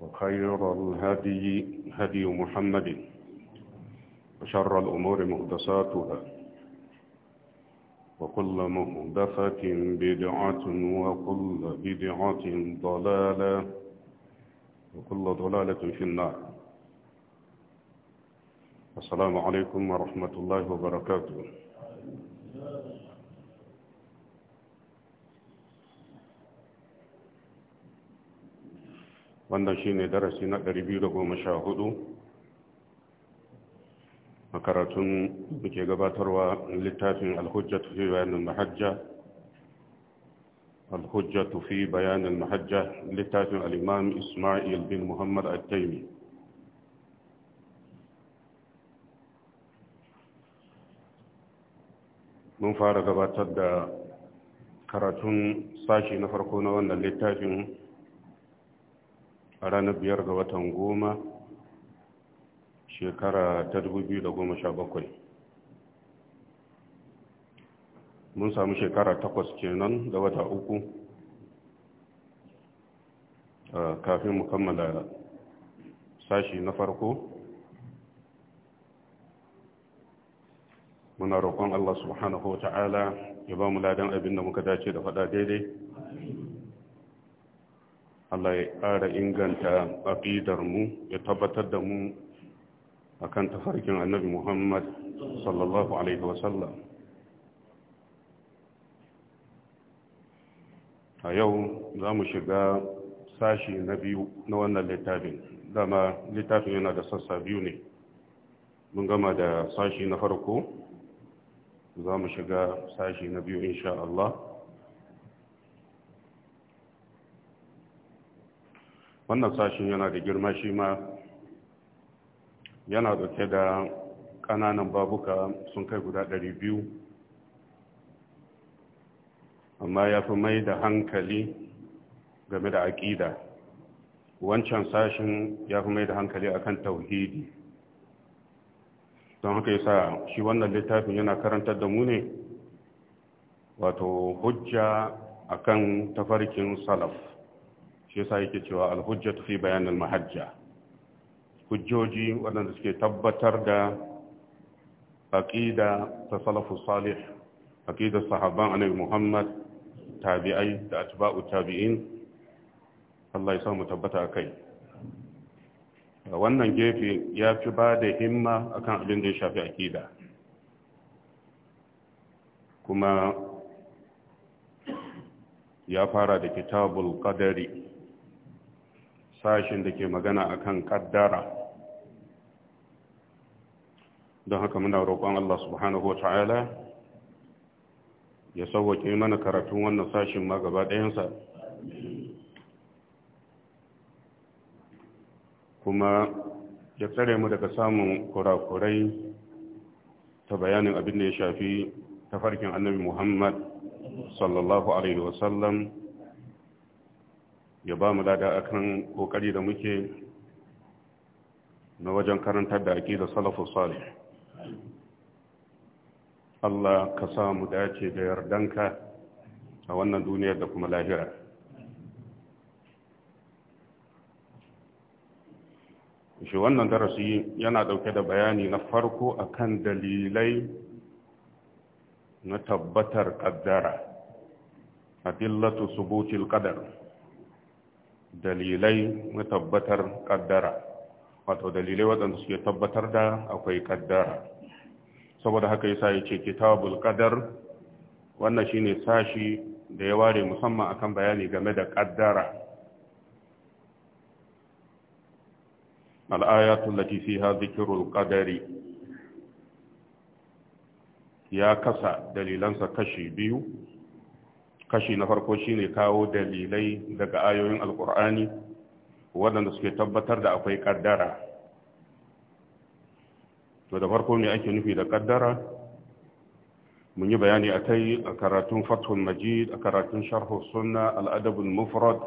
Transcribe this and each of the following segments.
وخير الهدي هدي محمد وشر الأمور مهدساتها وكل مهدفة بدعة وكل بدعة ضلالة وكل ضلالة في النار السلام عليكم ورحمة الله وبركاته wannan shine darasi na 214 makaratun muke gabatarwa littafin alhujjatu fi bayanin mahajja alhujjatu fi bayanin mahajja littafin al'imam ismail bin muhammad al-taimi mun fara gabatar da karatun sashi na farko na wannan littafin a ranar biyar ga watan goma shekara ta dubu biyu da goma sha bakwai, mun samu shekara takwas kenan da wata uku kafin mu kammala sashi na farko muna roƙon Allah subhanahu wa ta'ala ya ba mu ladan abin da muka dace da faɗa daidai Allah ya ƙara inganta aƙidar mu ya tabbatar da mu a akan tafarkin annabi Muhammad sallallahu alaihi wasallam a yau za mu shiga sashi na biyu na wannan littafin dama littafin yana da sassa biyu ne mun gama da sashi na farko za mu shiga sashi na biyu insha Allah wannan sashin yana da girma shi ma yana dauke da kananan babuka sun kai guda biyu. amma ya fi mai da hankali game da aƙida wancan sashin ya fi mai da hankali akan tauhidi don haka yasa shi wannan littafin yana karantar da mu ne wato hujja akan tafarkin salaf shi yasa yake cewa al-hujjatu fi bayan mahajja hujjoji waɗanda suke tabbatar da aqida ta salafu salih aqidar sahaban annabi Muhammad tabi'ai da atba'u tabi'in Allah ya sa mu tabbata akai wannan gefe ya fi ba da himma akan abin da ya shafi aqida kuma ya fara da kitabul qadari Sashen da ke magana a kan kaddara don haka muna roƙon Allah subhanahu wa ta'ala ya sauwaƙe mana karatun wannan sashen ma gaba ɗayansa kuma ya tsare mu daga samun kurakurai ta bayanin abin da ya shafi tafarkin annabi muhammad sallallahu alaihi wasallam ya ba mu lada akan kokari da muke na wajen karantar da da salafin salih Allah ka sa mu dace da yardanka a wannan duniyar da kuma lahira shi wannan darasi yana dauke da bayani na farko akan dalilai na tabbatar kaddara adillatu subutil qadar dalilai na tabbatar kaddara wato dalilai waɗanda suke tabbatar da akwai kaddara saboda haka yasa ya ce kitabul qadar wannan shine sashi da ya ware musamman akan bayani game da kaddara al'ayatul lati fiha dhikrul qadari ya kasa dalilansa kashi biyu kashi na farko shine kawo dalilai daga ayoyin alkur'ani waɗanda suke tabbatar da akwai ƙaddara to da farko ne ake nufi da ƙaddara mun yi bayani a kai a karatun fathul majid a karatun sharhu sunna al'adabun mufrad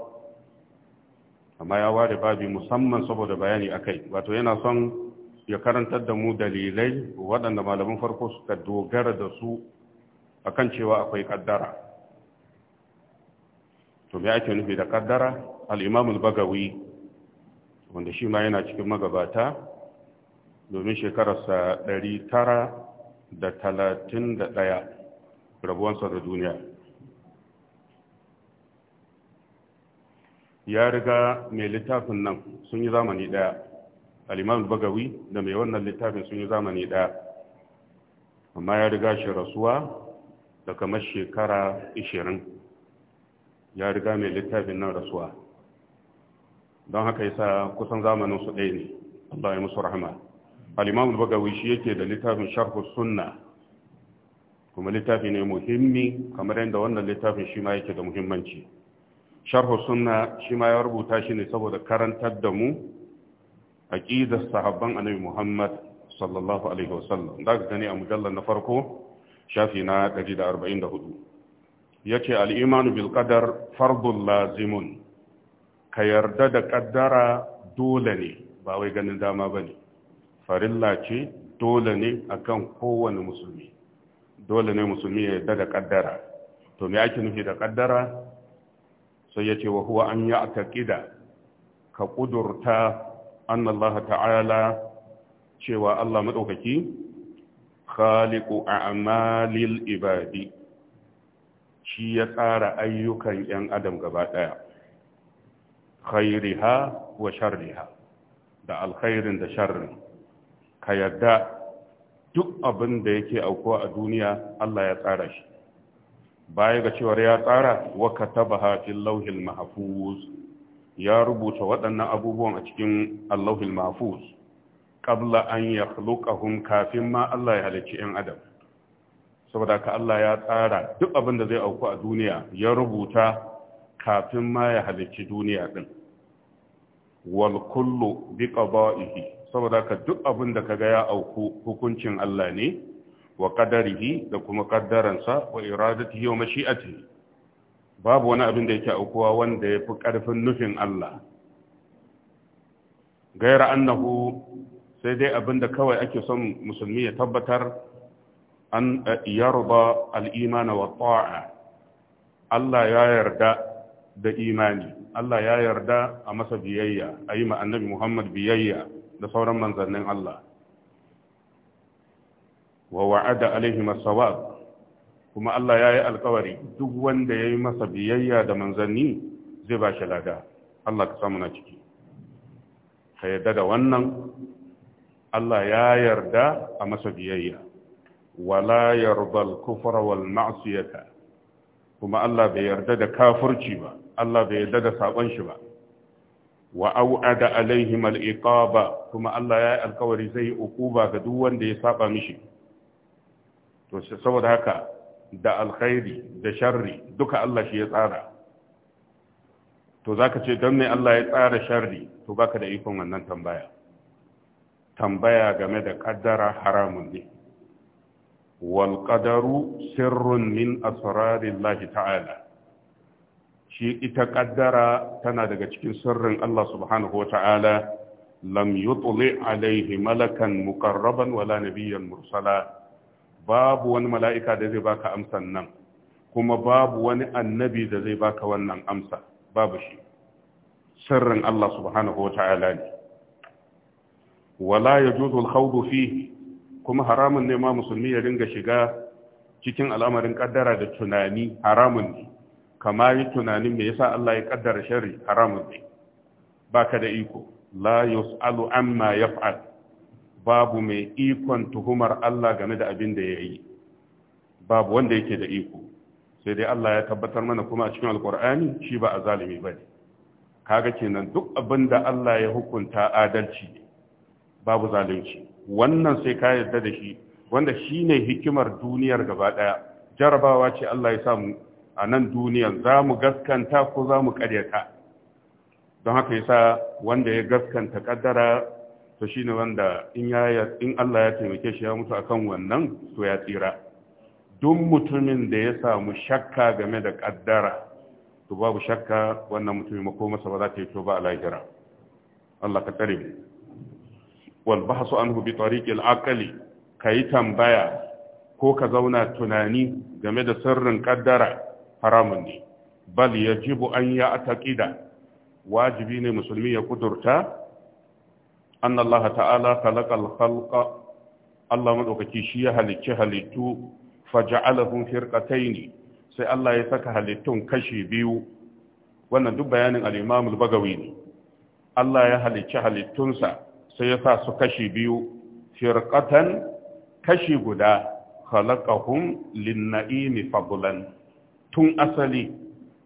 amma ya ware babi musamman saboda bayani a kai wato yana son ya karantar da mu dalilai waɗanda malaman farko suka dogara da su akan cewa akwai ƙaddara to me ake nufi da kaddara alimamul bagawi wanda shi ma yana cikin magabata domin shekararsa 931 rabuwansa da duniya ya riga mai littafin nan sun yi zamani daya alimamul bagawi da mai wannan littafin sun yi zamani daya amma ya riga shi rasuwa da kamar shekara 20 ya riga mai littafin nan rasuwa don haka yasa kusan zamanin su ɗaya ne Allah ya musu rahama al-Imam al-Bagawi shi yake da littafin Sharh sunna kuma littafi ne muhimmi kamar yadda wannan littafin shi ma yake da muhimmanci Sharh sunna shi ma ya rubuta shi ne saboda karantar da mu aqidar sahabban Annabi Muhammad sallallahu alaihi wasallam da gani a mujallar na farko shafi na 144 yace al-imanu bil fardun lazimun ka yarda da kaddara dole ne ba wai ganin dama ne. farilla ce dole ne akan kowane musulmi dole ne musulmi ya yarda da kaddara to me ake nufi da kaddara sai yace wa huwa an ya'taqida ka kudurta annallaha ta'ala cewa Allah madaukaki khaliqu a'malil ibadi shi ya tsara ayyukan 'yan adam gaba ɗaya khairiha wa sharriha da alkhairin da sharrin ka yadda duk abin da yake aukuwa a duniya Allah ya tsara shi baya ga cewar ya tsara wa katabaha fil lauhin mahfuz ya rubuta waɗannan abubuwan a cikin allahul mahfuz ƙabla an yakhluqahum kafin ma Allah ya halicci 'yan adam saboda ka Allah ya tsara duk abin da zai auku a duniya ya rubuta kafin ma ya halicci duniya din wal kullu bi qada'ihi saboda ka duk abin da kaga ya auku hukuncin Allah ne wa qadarihi da kuma kaddaransa wa iradatihi wa mashi'atihi babu wani abin da yake aukuwa wanda ya fi ƙarfin nufin Allah gaira annahu sai dai abin da kawai ake son musulmi ya tabbatar an eh, yarda al wa ta'a Allah ya yarda da imani Allah ya yarda a masa biyayya a yi annabi Muhammad biyayya da sauran manzannin Allah wa wa'ada alaihim as-sawab kuma Allah ya yi alkawari duk wanda ya yi masa biyayya da manzanni zai ba shi lada Allah ka samu na ciki ka yarda da wannan Allah ya yarda a masa biyayya wala yardal kufra wal ma'siyata kuma Allah bai yarda da kafirci ba Allah bai yarda da sabon shi ba wa au'ada alaihim al-iqaba kuma Allah ya yi alkawari zai ukuba ga duk wanda ya saba mishi to saboda haka da alkhairi da sharri duka Allah shi ya tsara to zaka ce don me Allah ya tsara sharri to baka da ikon wannan tambaya tambaya game da kaddara haramun ne Walƙadaru qadaru sirrun min asrarillahi ta'ala shi ita kaddara tana daga cikin sirrin Allah subhanahu wa ta'ala lam yutli alaihi malakan muƙarraban, wala nabiyyan mursala babu wani mala'ika da zai baka amsan nan kuma babu wani annabi da zai baka wannan amsa babu shi sirrin Allah subhanahu wa ta'ala ne wala ya al-khawdu fihi kuma haramun ne ma musulmi ya dinga shiga cikin al'amarin kaddara da tunani haramun ne Kamar yi tunanin me yasa Allah ya kaddara shari haramun ne baka da iko la yus'alu amma yaf'al babu mai ikon tuhumar Allah game da abin da yayi babu wanda yake da iko sai dai Allah ya tabbatar mana kuma a cikin alkur'ani shi ba a zalimi ba ne kaga kenan duk abin da Allah ya hukunta adalci babu zalunci wannan sai ka yarda da shi wanda shi ne hikimar duniyar gaba ɗaya jarabawa ce Allah ya mu a nan duniyar za mu gaskanta ko za mu ƙaryata don haka yasa wanda ya gaskanta ƙaddara to shi ne wanda in Allah ya taimake shi ya mutu akan wannan to ya tsira duk mutumin da ya samu shakka game da ƙaddara to babu shakka wannan mutumin masa ba za ta yi to ba a lahira Allah ka tsare mu wal bahsu hubi bi tariqil Ka yi tambaya ko ka zauna tunani game da sirrin ƙaddara haramun ne bal jibu an ya ataqida wajibi ne musulmi ya kudurta An Allah ta'ala khalaqal khalqa Allah madaukaki shi ya halicci halittu firƙatai ne, sai Allah ya saka halittun kashi biyu wannan duk bayanin Alimamul bagawi ne Allah ya halicci halittunsa sai ya sa su kashi biyu firqatan kashi guda khalaqahum lin-na'imi fadlan tun asali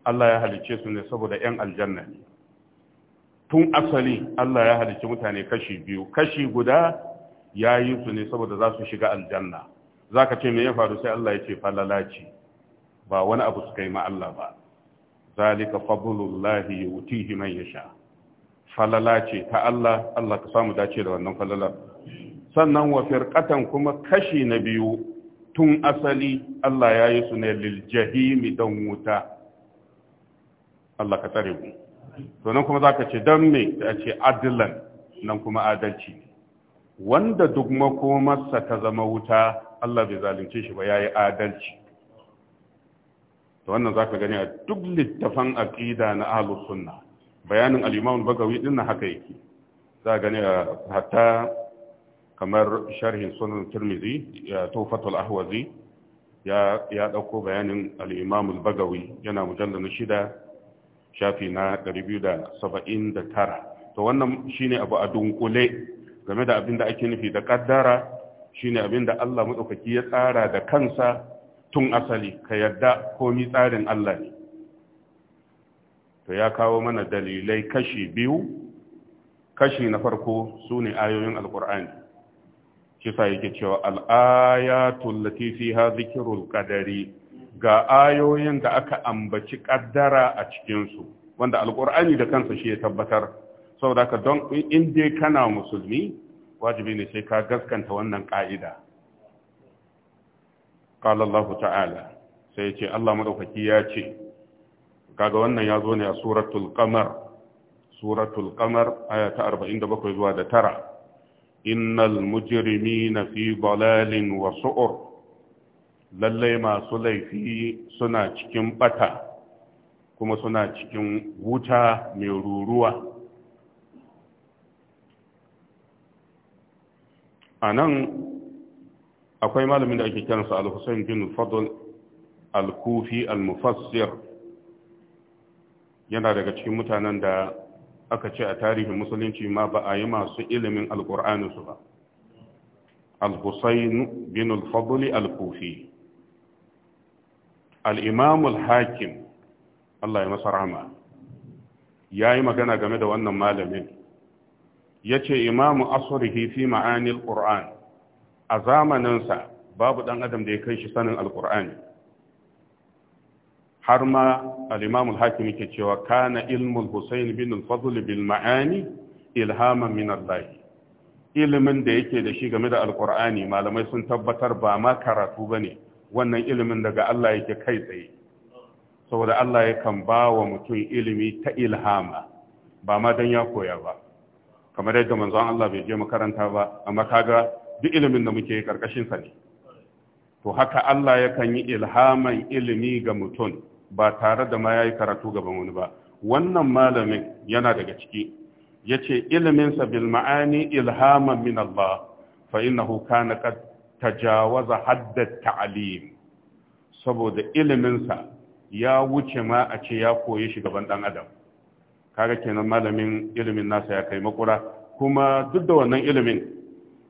Allah ya halice su ne saboda 'yan aljanna ne tun asali Allah ya halice mutane kashi biyu kashi guda ya yi su ne saboda za su shiga aljanna za ka ce me ya faru sai Allah ya ce falalaci ba wani abu su kai ma Allah ba zalika fadlullahi yutihi man sha. falala ce ta Allah Allah ka samu dace da wannan falala sannan wa firqatan kuma kashi na biyu tun asali Allah ya yi su ne lil don dan wuta Allah ka tsare mu to nan kuma zaka ce dan me da ce adlan nan kuma adalci wanda duk makomarsa ta zama wuta Allah bai zalunce shi ba yayi adalci to wannan zaka gani a duk littafan aqida na ahlus sunna bayanin al bagawi din haka yake za gani a eh, hatta kamar sharhin sunan Turmizi ya tufatul ahwazi ya ɗauko dauko bayanin al bagawi yana mujallal shida shafi na 279 to wannan shine abu a dunkule game da abin da ake nufi da kaddara shine abin da Allah madaukaki ya tsara da kansa tun asali ka yarda komi tsarin Allah ne to ya kawo mana dalilai kashi biyu kashi na farko su ne ayoyin alkur'ani shi sa yake cewa al'ayatul latifi ha zikirul qadari ga ayoyin da aka ambaci kaddara a cikinsu. su wanda alkur'ani da kansa shi ya tabbatar saboda haka don in dai kana musulmi wajibi ne sai ka gaskanta wannan ka'ida qala ta'ala sai ya ce Allah maɗaukaki ya ce kaga wannan ya zo ne a suratul qamar suratul qamar aya ta 47 zuwa da tara innal mujrimina fi balalin wa su'ur lalle masu laifi suna cikin bata kuma suna cikin wuta mai ruruwa a nan akwai malamin da ake kiransa al-husayn bin fadl al-kufi al-mufassir yana daga cikin mutanen da aka ce a tarihin musulunci ma ba a yi masu ilimin alƙur'aninsu ba al-husayn bin al-fadl al-kufi al-imam al-hakim Allah ya masa rahma yayi magana game da wannan malamin yace imamu asrihi fi ma'ani al-qur'an a zamaninsa babu dan adam da ya kai shi sanin al-qur'ani har ma al’imamu imam ke cewa kana ilmu Hussaini bin al-fadl bil ma'ani ilhaman min Allah ilimin da yake da shi game da alqur'ani malamai sun tabbatar ba ma karatu ba ne wannan ilimin daga Allah yake kai tsaye saboda Allah ya kan ba wa mutum ilimi ta ilhama ba ma dan ya koya ba kamar yadda manzon Allah bai je makaranta ba amma kaga duk ilimin da muke karkashin sa ne to haka Allah ya kan yi ilhaman ilimi ga mutum ba tare da ma ya yi karatu gaban wani ba wannan malamin yana daga ciki ya ce iliminsa bil ma'ani ilhaman min Allah fa innahu kana qad tajawaza haddat ta'lim saboda iliminsa ya wuce ma a ce ya koyi shi gaban dan adam kaga kenan malamin ilimin nasa ya kai makura kuma duk da wannan ilimin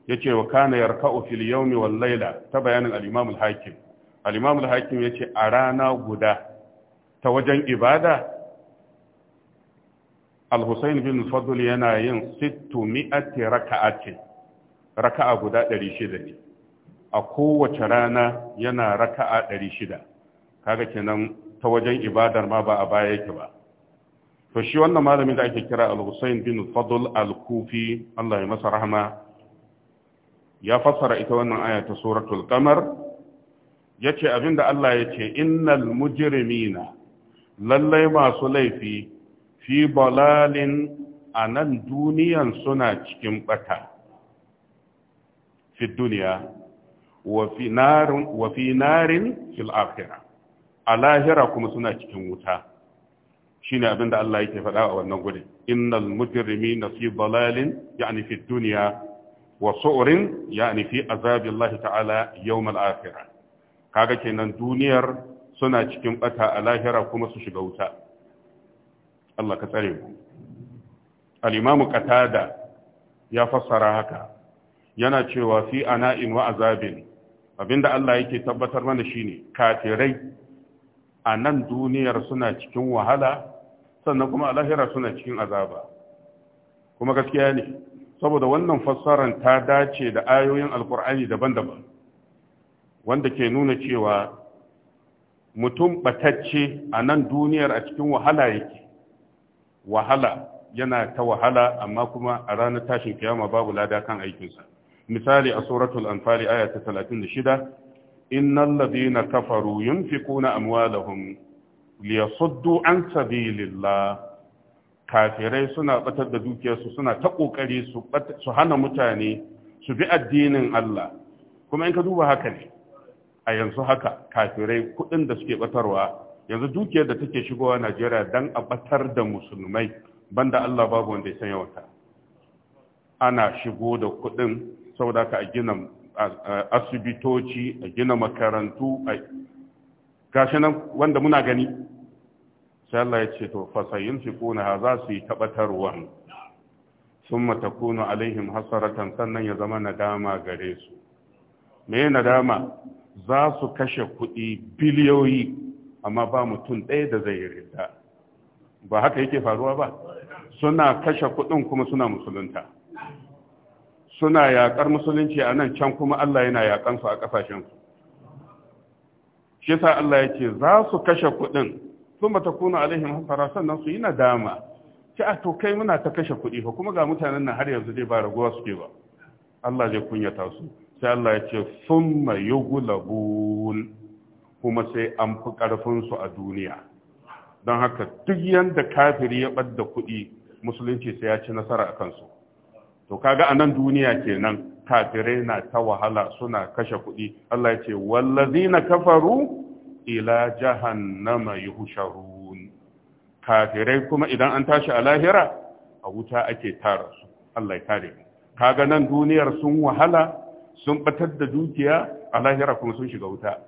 yace wa kana yarka'u fil yawmi wal layla ta bayanin al-imam al-hakim al-imam al-hakim yace a rana guda ta wajen ibada al bin fadl yana yin 600 raka'ati raka'a guda 600 ne a kowace rana yana raka'a 600 kaga kenan ta wajen ibadar ma ba a baya yake ba to shi wannan malamin da ake kira al bin fadl al-kufi Allah ya masa rahama ya fassara ita wannan aya ta suratul qamar yace abinda Allah yace innal mujrimina lallai masu laifi fi balalin a nan duniyan suna cikin bata fi duniya wa fi narin fil akhira a lahira kuma suna cikin wuta shine abinda Allah yake faɗa a wannan gudun innal mujrimina fi balalin yani fi duniya wa su'rin yani fi azabillahi ta'ala yawmal akhirah kaga kenan duniyar suna cikin bata a lahira kuma su shiga wuta Allah ka tsare mu al-imamu qatada ya fassara haka yana cewa fi ana'in wa azabin abinda Allah yake tabbatar mana shine kafirai a nan duniyar suna cikin wahala sannan kuma a lahira suna cikin azaba kuma gaskiya ne saboda wannan fassarar ta dace da ayoyin alkur'ani daban-daban wanda ke nuna cewa mutum batacce a nan duniyar a cikin wahala yake wahala yana ta wahala amma kuma a ranar tashin kiyama babu lada kan aikinsa misali a suratul anfali aya ta 36 innal ladina kafaru yunfikuna amwalahum liyasuddu an sabilillah kafirai suna batar da dukiyarsu suna ta kokari su hana mutane su bi addinin Allah kuma in ka duba haka ne a yanzu haka kafirai kuɗin da suke batarwa yanzu dukiyar da take shigowa Najeriya dan a batar da musulmai banda Allah babu wanda ya san wata. ana shigo da kuɗin saboda ka gina asibitoci a gina makarantu a gashi nan wanda muna gani sai Allah ya ce to fasayin su kuna za su yi tabatarwa sun matakunu alaihim hasaratan sannan ya zama nadama gare su me nadama za su kashe kuɗi biliyoyi amma ba mutum ɗaya da zai rinda ba haka yake faruwa ba suna kashe kuɗin kuma suna musulunta suna yaƙar musulunci a nan can kuma Allah yana yaƙansu a ƙasashensu shi sa Allah ya ce za su kashe kuɗin sun ba ta kuna alaihim hafara sannan su yi na dama. ce a ah, to kai muna ta kashe kuɗi Ba kuma ga mutanen nan har yanzu dai ba raguwa suke ba Allah zai kunyata su sai Allah ya ce summa kuma sai an fi ƙarfinsu a duniya don haka duk yadda kafiri ya ɓadda kuɗi musulunci sai ya ci nasara a kansu to kaga a nan duniya kenan kafirai na ta wahala suna kashe kuɗi Allah ya ce wallazina kafaru ila jahannama yuhsharun kafirai kuma idan an tashi a lahira a wuta ake tara su Allah ya kare mu kaga nan duniyar sun wahala sun batar da dukiya a lahira kuma sun shiga wuta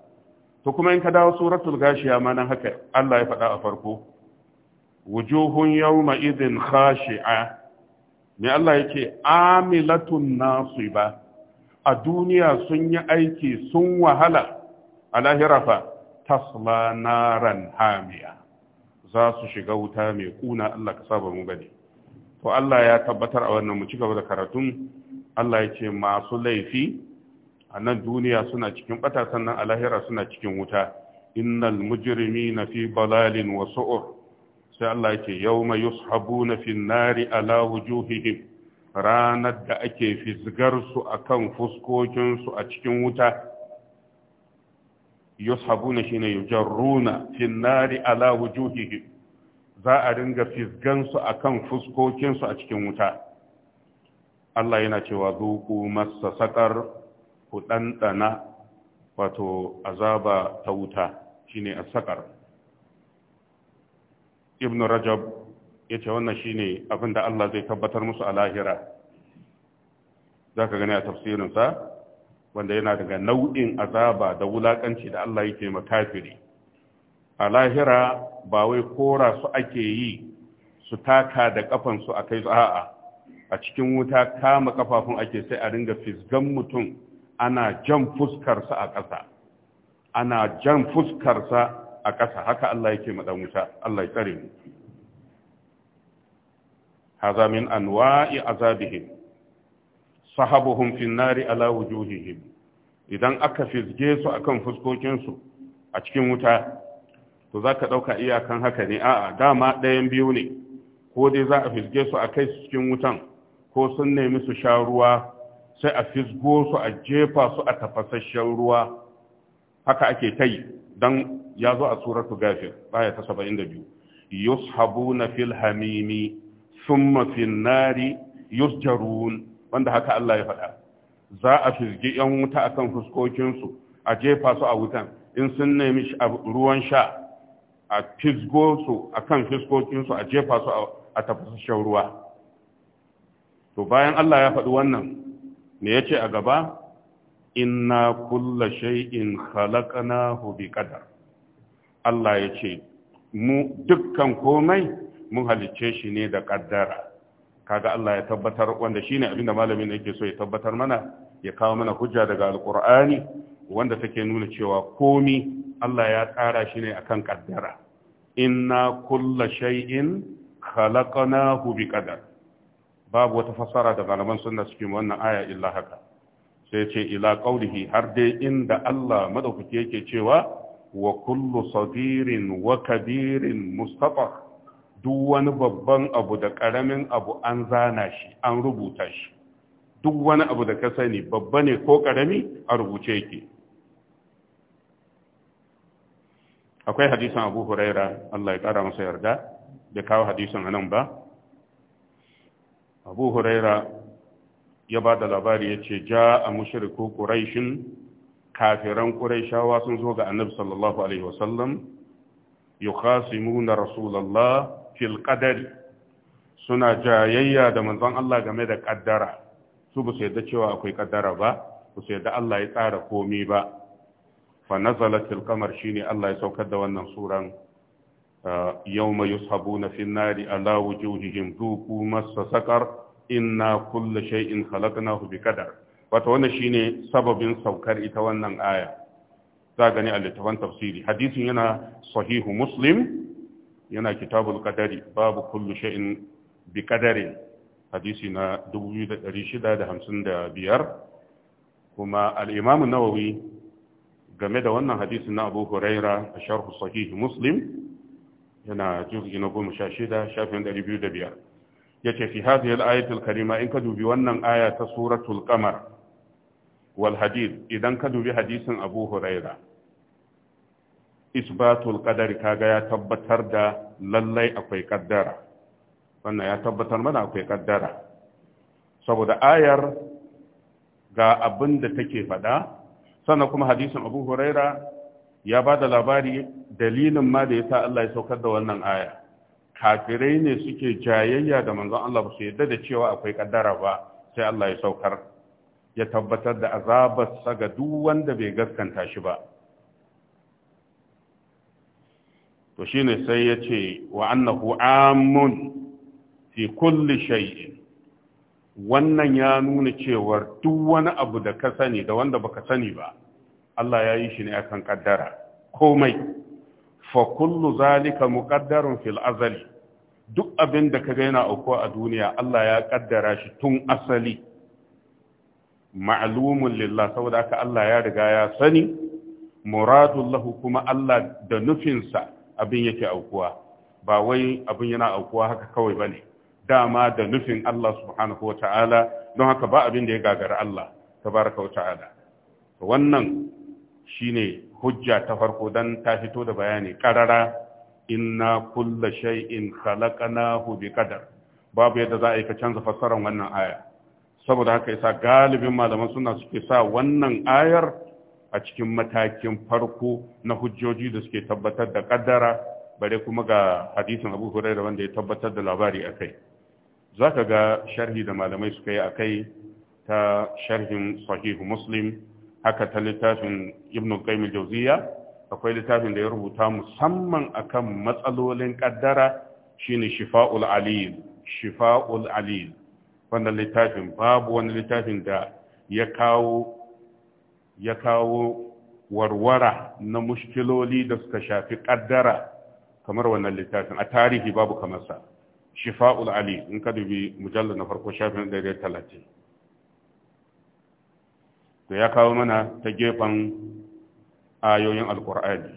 to kuma in ka dawo suratul gashiya ma nan haka Allah ya faɗa a farko wujuhun yawma idhin khashi'a me Allah yake amilatun nasiba a duniya sun yi aiki sun wahala a lahira fa tasla naran hamiya za su shiga wuta mai kuna Allah ka saba mu bane to Allah ya tabbatar a wannan mu ci gaba da karatun Allah ya ce masu laifi a nan duniya suna cikin bata sannan a lahira suna cikin wuta innal mujrimi na fi balalin wa su'ur sai Allah ya ce yawma na fi nari ala wujuhihim ranar da ake fisgar su akan fuskokinsu a cikin wuta na yushabuna shine jarruna fi nari ala wujuhihim za a ringa fisgarsu akan fuskokinsu a cikin wuta Allah yana cewa zuku masa sakar ku ɗanɗana wato azaba ta wuta shi ne a saƙar. ibn rajab ya ce wannan shine abin da Allah zai tabbatar musu a lahira za ka gani a tafsirinsa wanda yana daga nau'in azaba da wulaƙanci da Allah yake makafiri a lahira ba wai kora su ake yi su taka da ƙafansu a kai su a'a a cikin wuta kama kafafun ake sai a ringa fisgan mutum ana jan fuskarsa a ƙasa ana jan fuskarsa a ƙasa haka Allah yake maɗan wuta Allah ya tsare mu haza min anwa'i azabihim sahabuhum fin nari ala wujuhihim idan aka fisge su akan fuskokinsu a cikin wuta to za ka ɗauka iyakan haka ne a'a dama ɗayan biyu ne ko dai za a fisge su a kai su cikin wutan ko sun nemi su sha ruwa sai a fisgo su a jefa su a tafasasshen ruwa haka ake kai dan ya zo a suratu gafir baya ta 72 yushabuna fil hamimi thumma fil nari yusjarun wanda haka Allah ya faɗa za a fisgi yan wuta akan fuskokinsu a jefa su a wutan in sun nemi ruwan sha a fisgo su akan fuskokinsu a jefa su a tafasasshen ruwa to bayan Allah ya faɗi wannan me ce a gaba inna kulla shay'in khalaqnahu qadar Allah yace mu dukkan komai mun halicce shi ne da kaddara kaga Allah ya tabbatar wanda shine abinda malamin yake so ya tabbatar mana ya kawo mana hujja daga alqur'ani wanda take nuna cewa komi Allah ya tsara shi ne akan kaddara inna kulla shay'in khalaqnahu ƙadar. babu wata fassara da malaman sunna suke wannan aya illa haka sai ce ila qaulihi har dai inda Allah madaukaki yake cewa wa kullu sagirin wa kabirin mustafa duk wani babban abu da karamin abu an zana shi an rubuta shi duk wani abu da ka sani babba ne ko karami a rubuce yake akwai hadisan abu huraira Allah ya kara masa yarda da kawo hadisan anan ba abu huraira ya ba da labari ya ce ja a mashirku ƙuraishin kafiran ƙuraishawa sun zo ga annabi sallallahu alaihi wasallam na rasulallah fil ƙadari suna jayayya da manzon Allah game da ƙaddara, su ba su yadda cewa akwai ƙaddara ba ba su yadda Allah ya tsara komi ba fa nazalatil shi ne Allah ya saukar da wannan suran yawma yushabuna fi nari ala wujuhihim duku massa saqar inna kulla shay'in khalaqnahu bi qadar wato wannan shine sababin saukar ita wannan aya za gani a littafan tafsiri hadisin yana sahihu muslim yana kitabul qadari babu kullu shay'in bi qadarin hadisi na 2655 kuma al-imam an game da wannan hadisin na Abu a sharhu sahihu Muslim yana juz'i na goma sha shida shafin ɗari biyu da biyar ya ce fi hadhihi al karima in ka dubi wannan aya ta suratul qamar wal hadid idan ka dubi hadisin abu huraira isbatul qadari kaga ya tabbatar da lallai akwai kaddara wannan ya tabbatar mana akwai kaddara saboda ayar ga abin da take faɗa sannan kuma hadisin abu huraira ya ba da labari dalilin ma da ya sa Allah ya saukar da wannan aya kafirai ne suke jayayya da manzon Allah ba su yadda da cewa akwai kaddara ba sai Allah ya saukar ya tabbatar da azabarsa ga duk wanda bai gaskanta shi ba to shine sai ya ce wa annahu amun fi kulli shay'in wannan ya nuna cewar duk wani abu da ka sani da wanda baka sani ba Allah ya yi shi ne akan kaddara komai fa kullu zalika muqaddarun fil azali duk abin da kaga yana aukuwa a duniya Allah ya kaddara shi tun asali ma'lumun lillah saboda haka Allah ya riga ya sani muradun lahu kuma Allah da nufinsa abin yake aukuwa ba wai abin yana aukuwa haka kawai bane dama da nufin Allah subhanahu wa ta'ala don haka ba abin da ya gagara Allah tabaraka wa ta'ala wannan shine hujja ta farko don ta fito da bayani karara inna kulla shay'in khalaqnahu ƙadar, babu yadda za a yi ka canza fassarar wannan aya saboda haka yasa galibin malaman suna suke sa wannan ayar a cikin matakin farko na hujjoji da suke tabbatar da kaddara bare kuma ga hadisin Abu Hurairah wanda ya tabbatar da labari akai zaka ga sharhi da malamai suka yi akai ta sharhin sahih Muslim haka ta littafin ibn qayyim jawziya akwai littafin da ya rubuta musamman akan matsalolin kaddara shine shifa'ul alil shifa'ul alil wannan littafin babu wani littafin da ya kawo ya kawo warwara na mushkiloli da suka shafi kaddara kamar wannan littafin a tarihi babu kamar sa shifa'ul alil in ka dubi mujallal na farko shafin 130 to ya kawo mana ta gefen ayoyin alkur'ani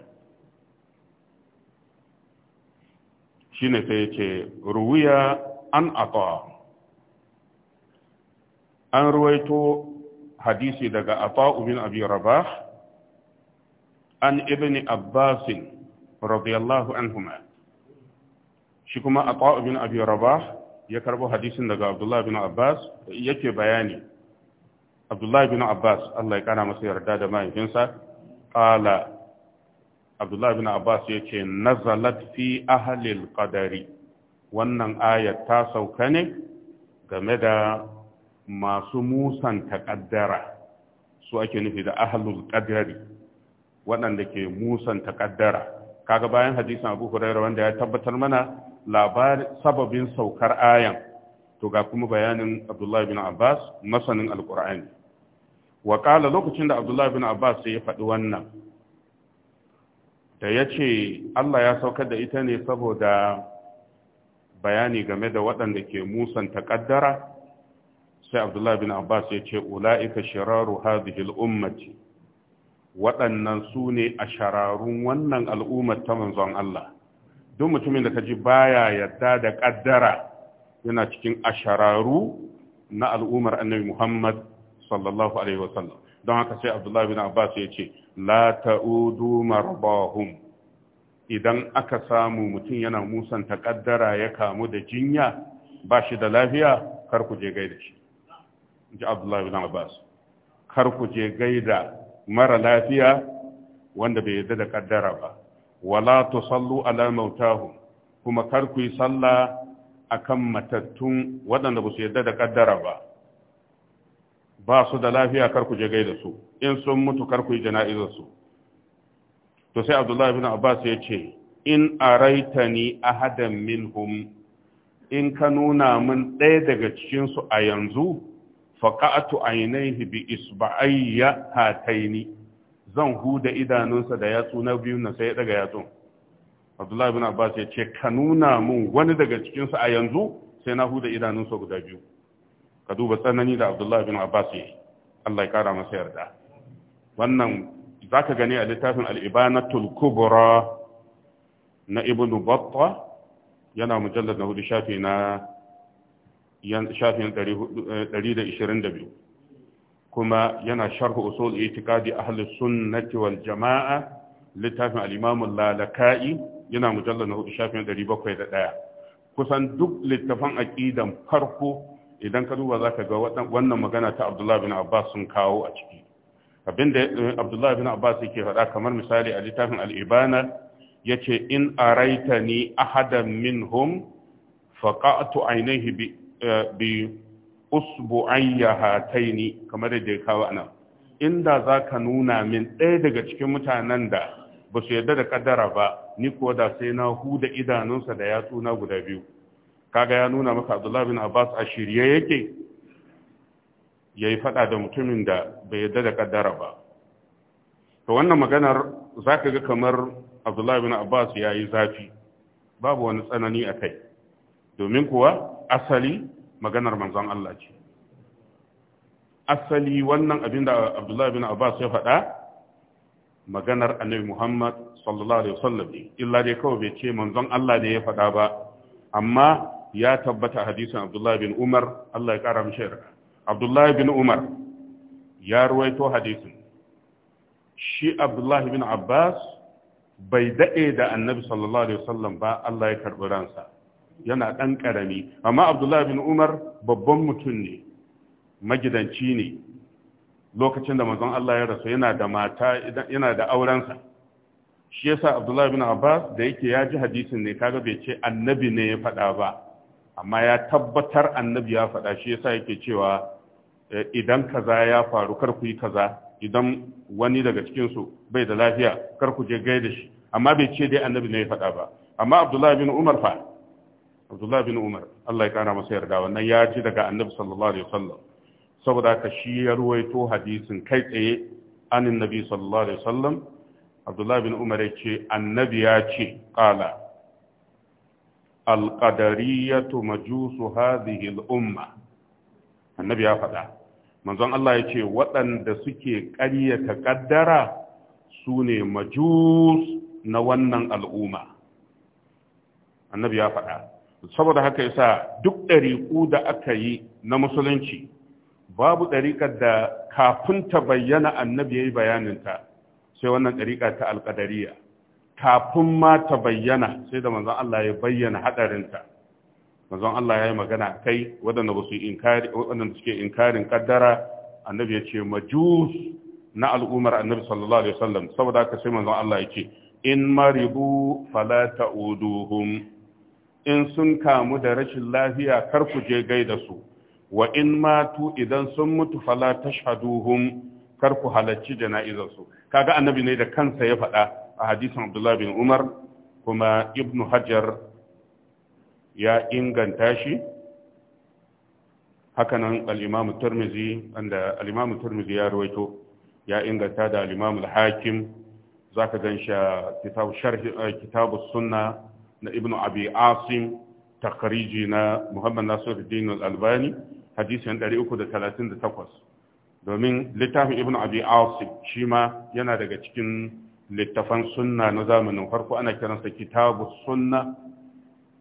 shi ne sai ce ruwiya an ata an ruwaito hadisi daga ata min abi rabah an ibni abbasin radiyallahu anhuma shi kuma ata min abi rabah ya karbo hadisin daga Abdullahi bin abbas yake bayani abdullahi bin abbas allah ya kana masa yarda da mahaifinsa ƙala abdullahi bin abbas ya ce nazalat fi ahalil qadari wannan ayat ta sauka ne game da masu musan takaddara su ake nufi da ahalul qadari waɗanda ke musan takaddara kaga bayan hadisin abu hurairah wanda ya tabbatar mana labarin sababin saukar ayan to ga kuma bayanin abdullahi bin abbas masanin alkur'ani wa lokacin da abdullahi bin abbas sai ya faɗi wannan da ya ce allah ya saukar da ita ne saboda bayani game da waɗanda ke musan taƙaddara sai abdullahi bin abbas ya ce ula'ika shiraru hadihil ummati waɗannan su ne a shararun wannan al'ummar ta manzon allah duk mutumin da ka ji baya yadda da ƙaddara yana cikin ashararu na al'ummar annabi Muhammad sallallahu alaihi wasallam don haka sai Abdullah bin Abbas ya ce la ta'udu marbahum idan aka samu mutum yana musan takaddara ya kamu da jinya ba shi da lafiya kar ku je gaida shi ji Abdullah bin Abbas kar ku je gaida mara lafiya wanda bai yarda da ƙaddara ba wala tusallu ala mautahum kuma kar ku yi sallah akan matattun waɗanda ba su yarda da kaddara ba ba su da lafiya kar ku je da su in sun mutu kar ku yi jana'izar su to sai Abdullahi ibn Abbas ya ce in araitani ahadan minhum in ka nuna min ɗaya daga cikin su a yanzu faqa'tu aynayhi bi isba'ayya hataini zan huda idanunsa da yatsu na biyu na sai daga yatsun abdullahi ibn abbas ya ce ka nuna mun wani daga cikin su a yanzu sai na huda idanun sa guda biyu ka duba tsanani da abdullahi ibn abbas ya Allah ya kara masa yarda wannan zaka gani a littafin al-ibanatul kubra na ibnu battah yana mujallar na hudu shafi na shafin eh, 122 kuma yana sharhu usul itikadi ahlus sunnati wal jama'a littafin al-imam lalaka'i yana mujallar na hudu shafin dari bakwai da ɗaya kusan duk littafan aƙidan farko idan ka duba za ka ga wannan magana ta abdullahi bin abbas sun kawo a ciki abinda eh, abdullahi bin abbas yake faɗa kamar misali a littafin al'ibana ya ce in araita ni ahadan hum faƙa'atu ainihi bi eh, usbu'ayya ni, kamar da ya kawo nan. inda za ka nuna min ɗaya daga cikin mutanen da ba su yadda da kaddara ba ni ko da sai na huda idanunsa da tsuna guda biyu kaga ya nuna maka Abdullahi bin Abbas a shirye yake yi faɗa da mutumin da bai yadda da kaddara ba to wannan maganar za ka ga kamar Abdullahi bin Abbas ya yi zafi babu wani tsanani a kai domin kuwa asali maganar manzon Allah ce asali wannan abin da Abdullahi bin Abbas ya faɗa maganar annabi Muhammad sallallahu alaihi wasallam illa dai kawai bai ce manzon Allah ne ya faɗa ba amma ya tabbata hadisin Abdullah bin Umar Allah ya kara mishi yarda Abdullah bin Umar ya ruwaito hadisin shi Abdullah bin Abbas bai dade da annabi sallallahu alaihi wasallam ba Allah ya karbi ransa yana dan karami amma Abdullah bin Umar babban mutum ne magidanci ne lokacin da manzon Allah ya rasu yana da mata yana da aurensa shi yasa Abdullah bin Abbas da yake ya ji hadisin ne kaga bai ce annabi ne ya faɗa ba amma ya tabbatar annabi ya faɗa shi yasa yake cewa eh, idan kaza ya faru kar ku yi kaza idan wani daga cikin su bai da lafiya kar ku je gaida shi amma bai ce dai annabi ne ya faɗa ba amma Abdullah bin Umar fa Abdullah bin Umar Allah ya kara masa yarda wannan ya ji daga annabi sallallahu alaihi wasallam saboda haka shi ya ruwaito hadisin kai tsaye anin nabi sallallahu alaihi wasallam abdullahi bin umar ya ce annabi ya ce qala alqadariyatu majusu hadhihi al-umma annabi ya faɗa manzon Allah ya ce waɗanda suke ƙaryata ƙaddara su ne majus na wannan al'umma annabi ya faɗa saboda haka yasa duk ɗariƙu da aka yi na musulunci babu ɗariƙar da kafin ta bayyana annabi ya yi bayaninta sai wannan ɗariƙa ta alƙadariya kafin ma ta bayyana sai da manzon Allah ya bayyana haɗarinta manzon Allah ya yi magana kai waɗanda ba su inkari waɗanda suke inkarin kaddara annabi ya ce majus na al'ummar annabi sallallahu alaihi wasallam saboda haka sai manzon Allah ya ce in maribu fala ta'uduhum in sun kamu da rashin lafiya kar ku je gaida su wa in matu idan sun mutu fala tashhaduhum kar ku halarci jana'izarsu kaga annabi ne da kansa ya faɗa a hadisin Abdullah bin Umar kuma Ibn Hajar ya inganta shi hakanan al-Imam Tirmidhi anda al-Imam Tirmidhi ya rawaito ya inganta da al-Imam al-Hakim zaka gansha kitab sharh kitab sunna na Ibn Abi Asim takhriji na Muhammad Nasiruddin al-Albani hadisin 338 domin littafin ibn abi asib shi ma yana daga cikin littafan sunna na zamanin farko ana kiransa kitabu sunna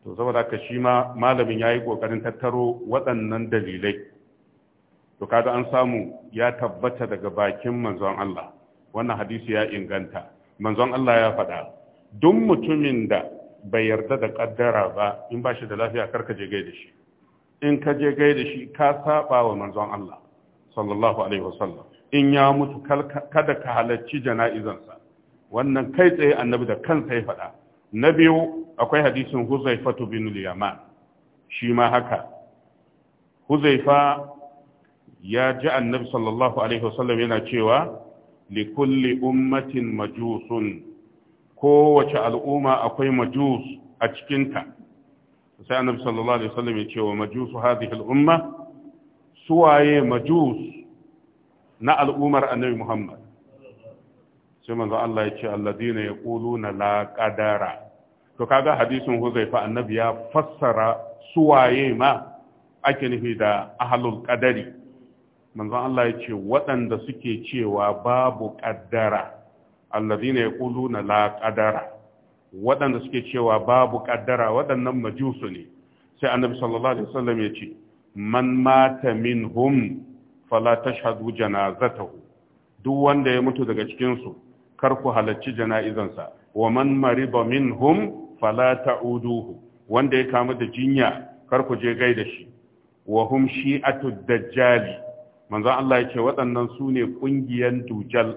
to saboda haka shi ma malamin yayi kokarin tattaro waɗannan dalilai to kaga an samu ya tabbata daga bakin manzon Allah wannan hadisi ya inganta manzon Allah ya faɗa duk mutumin da bai yarda da kaddara ba in ba shi da lafiya karka je gaida shi in ka je gai da shi ka saba wa manzon Allah sallallahu alaihi wasallam in ya mutu kada ka halarci jana'izansa wannan kai tsaye annabi da kansa ya faɗa na biyu akwai hadisin huzaifatu bin yaman shi ma haka huzaifa ya ji annabi sallallahu alaihi wasallam yana cewa li kulli ummatin majusun kowace al'umma akwai majus a cikinta sai annabi sallallahu alaihi wasallam ya ce wa majusu hadhihi al-umma suwaye majus na al'umar annabi Muhammad sai manzo Allah ya ce alladina yaquluna la qadara to kaga hadisin Huzaifa annabi ya fassara suwaye ma ake nufi da ahlul qadari manzo Allah ya ce waɗanda suke cewa babu qaddara alladina yaquluna la qadara waɗanda suke cewa babu ƙaddara waɗannan majusu ne sai annabi sallallahu alaihi wasallam ya ce man mata minhum fala tashhadu janazatahu duk wanda ya mutu daga cikin su kar ku halarci jana'izansa wa man mariba minhum fala ta'uduhu wanda ya kama da jinya kar ku je gaida shi wa hum shi'atu dajjali manzo Allah ya ce waɗannan su ne ƙungiyar dujal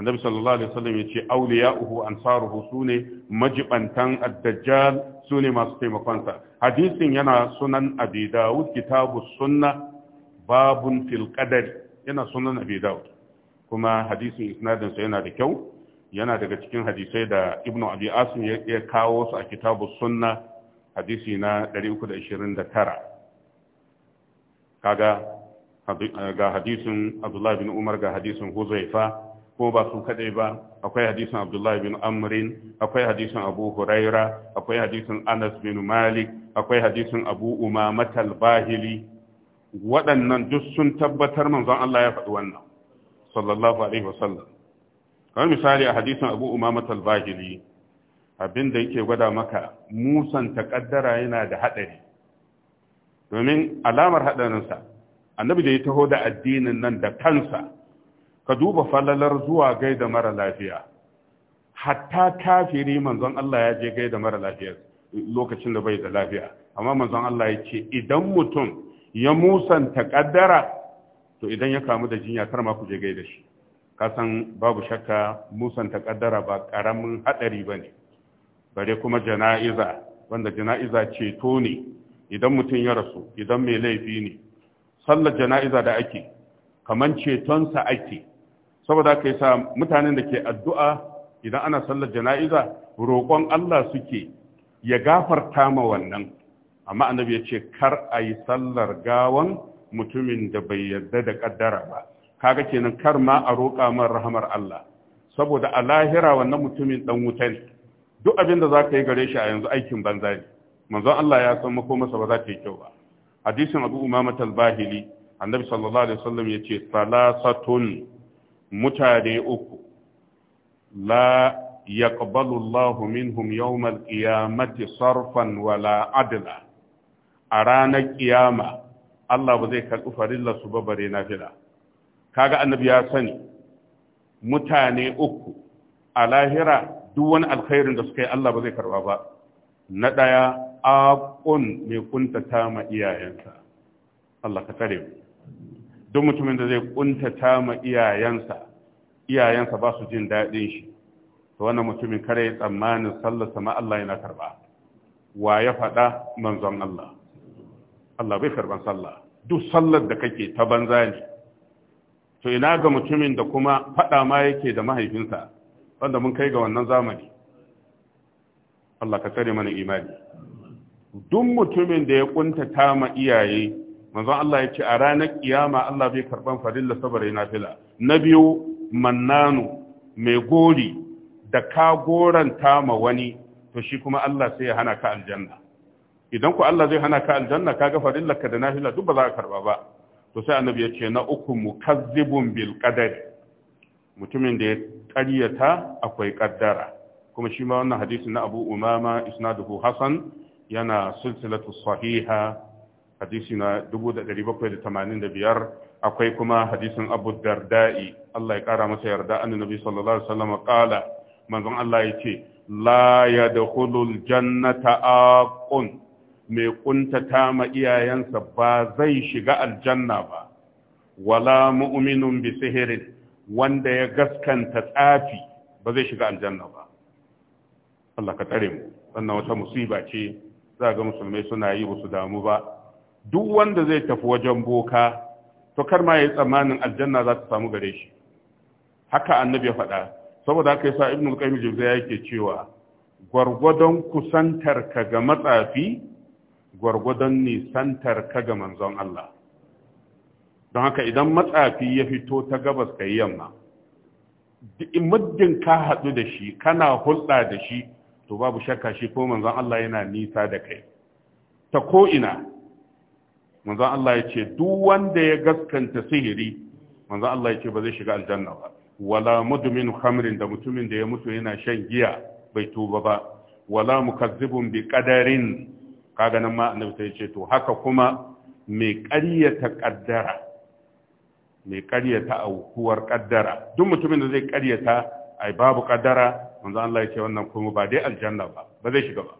annabi sallallahu alaihi wasallam ya ce auliya'uhu ansaruhu sune majibantan ad-dajjal sune masu taimakonsa hadisin yana sunan abi dawud kitabu sunna babun fil qadar yana sunan abi dawud kuma hadisin isnadin sa yana da kyau yana daga cikin hadisai da ibnu abi asim ya kawo su a kitabu sunna hadisi na 329 kaga ga hadisin abdullahi bin umar ga hadisin huzaifa ko ba su kadai ba akwai hadisin abdullahi bin amrin akwai hadisin abu huraira akwai hadisin anas bin malik akwai hadisin abu umamat al waɗannan duk sun tabbatar manzon Allah ya faɗi wannan sallallahu alaihi wasallam kamar misali a hadisin abu umamat al abin da yake gwada maka musan takaddara yana da haɗari domin alamar haɗarinsa annabi da ya taho da addinin nan da kansa ka duba falalar zuwa gaida mara lafiya hatta kafiri manzon Allah ya je gaida mara lafiya lokacin da bai da lafiya amma manzon Allah ya ce idan mutum ya musanta kaddara to idan ya kamu da jinya kar ma ku je gaida shi kasan babu shakka musanta kaddara ba karamin hadari bane bare kuma jana'iza wanda jana'iza ceto ne idan mutum ya rasu idan mai laifi ne sallar jana'iza da ake kaman cetonsa ake saboda ka sa mutanen da ke addu'a idan ana sallar jana'iza roƙon Allah suke ya gafarta ma wannan amma annabi ya ce kar a yi sallar gawan mutumin da bai yarda da kaddara ba kaga kenan kar ma a roƙa man rahamar Allah saboda a lahira wannan mutumin dan wuta ne duk abin da zaka yi gare shi a yanzu aikin banza ne manzon Allah ya san mako masa ba za ta yi kyau ba hadisin Abu Umamah al-Bahili annabi sallallahu alaihi wasallam yace salasatun mutane uku la yaqbalu Allahu minhum yawmal qiyamati sarfan wala adla a ranar kiyama Allah ba zai karɓi farillar su ba bare nafila kaga annabi ya sani mutane uku a lahira duk wani alkhairin da suka yi Allah ba zai karba ba na ɗaya aqun mai kuntata ma iyayensa Allah ka tare mu duk mutumin da zai kuntata ma iyayensa iyayensa ba su jin daɗin shi to wannan mutumin kare ya tsammanin sallarsa ma Allah yana karba wa ya faɗa manzon Allah Allah bai karban sallah duk sallar da kake ta banza ne to ina ga mutumin da kuma faɗa ma yake da mahaifinsa wanda mun kai ga wannan zamani Allah ka tsare mana imani duk mutumin da ya kuntata ma iyaye manzon Allah ya ce a ranar kiyama Allah bai karban farilla saboda yana fila na biyu mannanu mai gori da ka goranta ma wani to shi kuma Allah sai ya hana ka aljanna idan ku Allah zai hana ka aljanna kaga farilla ka da nafila duk ba za ka karba ba to sai annabi ya ce na uku mukazzibun bil qadari mutumin da ya ƙaryata akwai ƙaddara kuma shi ma wannan hadisi na Abu Umama isnaduhu Hasan yana silsilatu sahiha hadisi na 1785 akwai kuma hadisin Abu Darda'i Allah ya kara masa yarda annabi sallallahu alaihi wasallam qala manzon Allah ya ce la yadkhulul jannata aqun mai kuntata ma iyayensa ba zai shiga aljanna ba wala mu'minun bi sihirin wanda ya gaskanta tsafi ba zai shiga aljanna ba Allah ka tsare mu wannan wata musiba ce za ga musulmai suna yi musu damu ba duk wanda zai tafi wajen boka to kar ma yayi tsammanin aljanna za ta samu gare shi haka annabi ya faɗa saboda haka yasa ibnu qayyim jawziya yake cewa gwargwadon kusantar ka ga matsafi gwargwadon nisantar ka ga manzon Allah don haka idan matsafi ya fito ta gabas kai yamma muddin ka haɗu da shi kana hulɗa da shi to babu shakka shi ko manzon Allah yana nisa da kai ta ko ina manzo Allah ya ce duk wanda ya gaskanta sihiri manzo Allah ya ce ba zai shiga aljanna ba wala mudmin khamrin da mutumin da ya mutu yana shan giya bai tuba ba wala mukazzibun bi qadarin kaga nan ma annabi sai ce to haka kuma mai ƙaryata kaddara mai ƙaryata aukuwar kaddara duk mutumin da zai ƙaryata ai babu kaddara manzo Allah ya ce wannan kuma ba dai aljanna ba ba zai shiga ba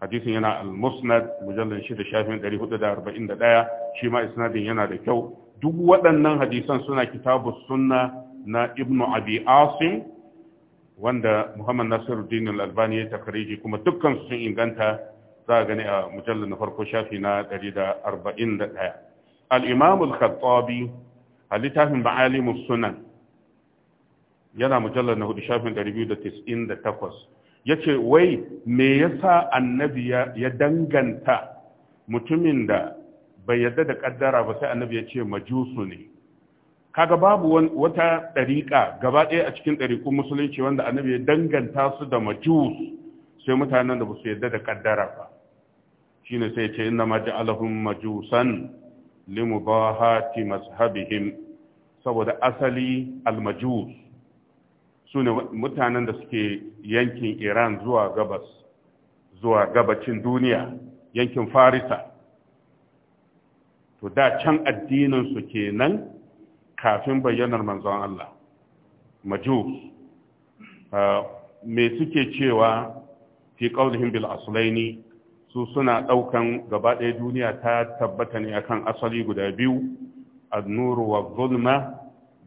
hadisin yana al-musnad mujallal shida shafin 441 shi ma isnadin yana da kyau duk waɗannan hadisan suna kitabu sunna na ibnu abi asim wanda muhammad nasiruddin al-albani ya takariji kuma dukkan sun inganta za a gani a mujallar na farko shafi na 141 al-imam al-khattabi a littafin ma'alimus sunan yana mujallar na hudu shafin 298 ya ce wai me yasa annabi ya danganta mutumin da bai yarda da kaddara ba sai annabi ya ce majusu ne kaga babu wata ɗariƙa gaba ɗaya a cikin ɗariƙun musulunci wanda annabi ya danganta su da majus sai mutanen da ba su yadda da kaddara ba shine sai ce inna ma ja'alahum majusan limubahati mazhabihim saboda asali al-majus su ne mutanen da suke yankin iran zuwa gabas zuwa gabacin duniya yankin farisa to da can addininsu nan kafin bayyanar manzon Allah Maju! Uh, me suke cewa fi ƙaunihin bil aslaini su suna ɗaukan gaba ɗaya duniya ta tabbata ne akan asali guda biyu an wa zulma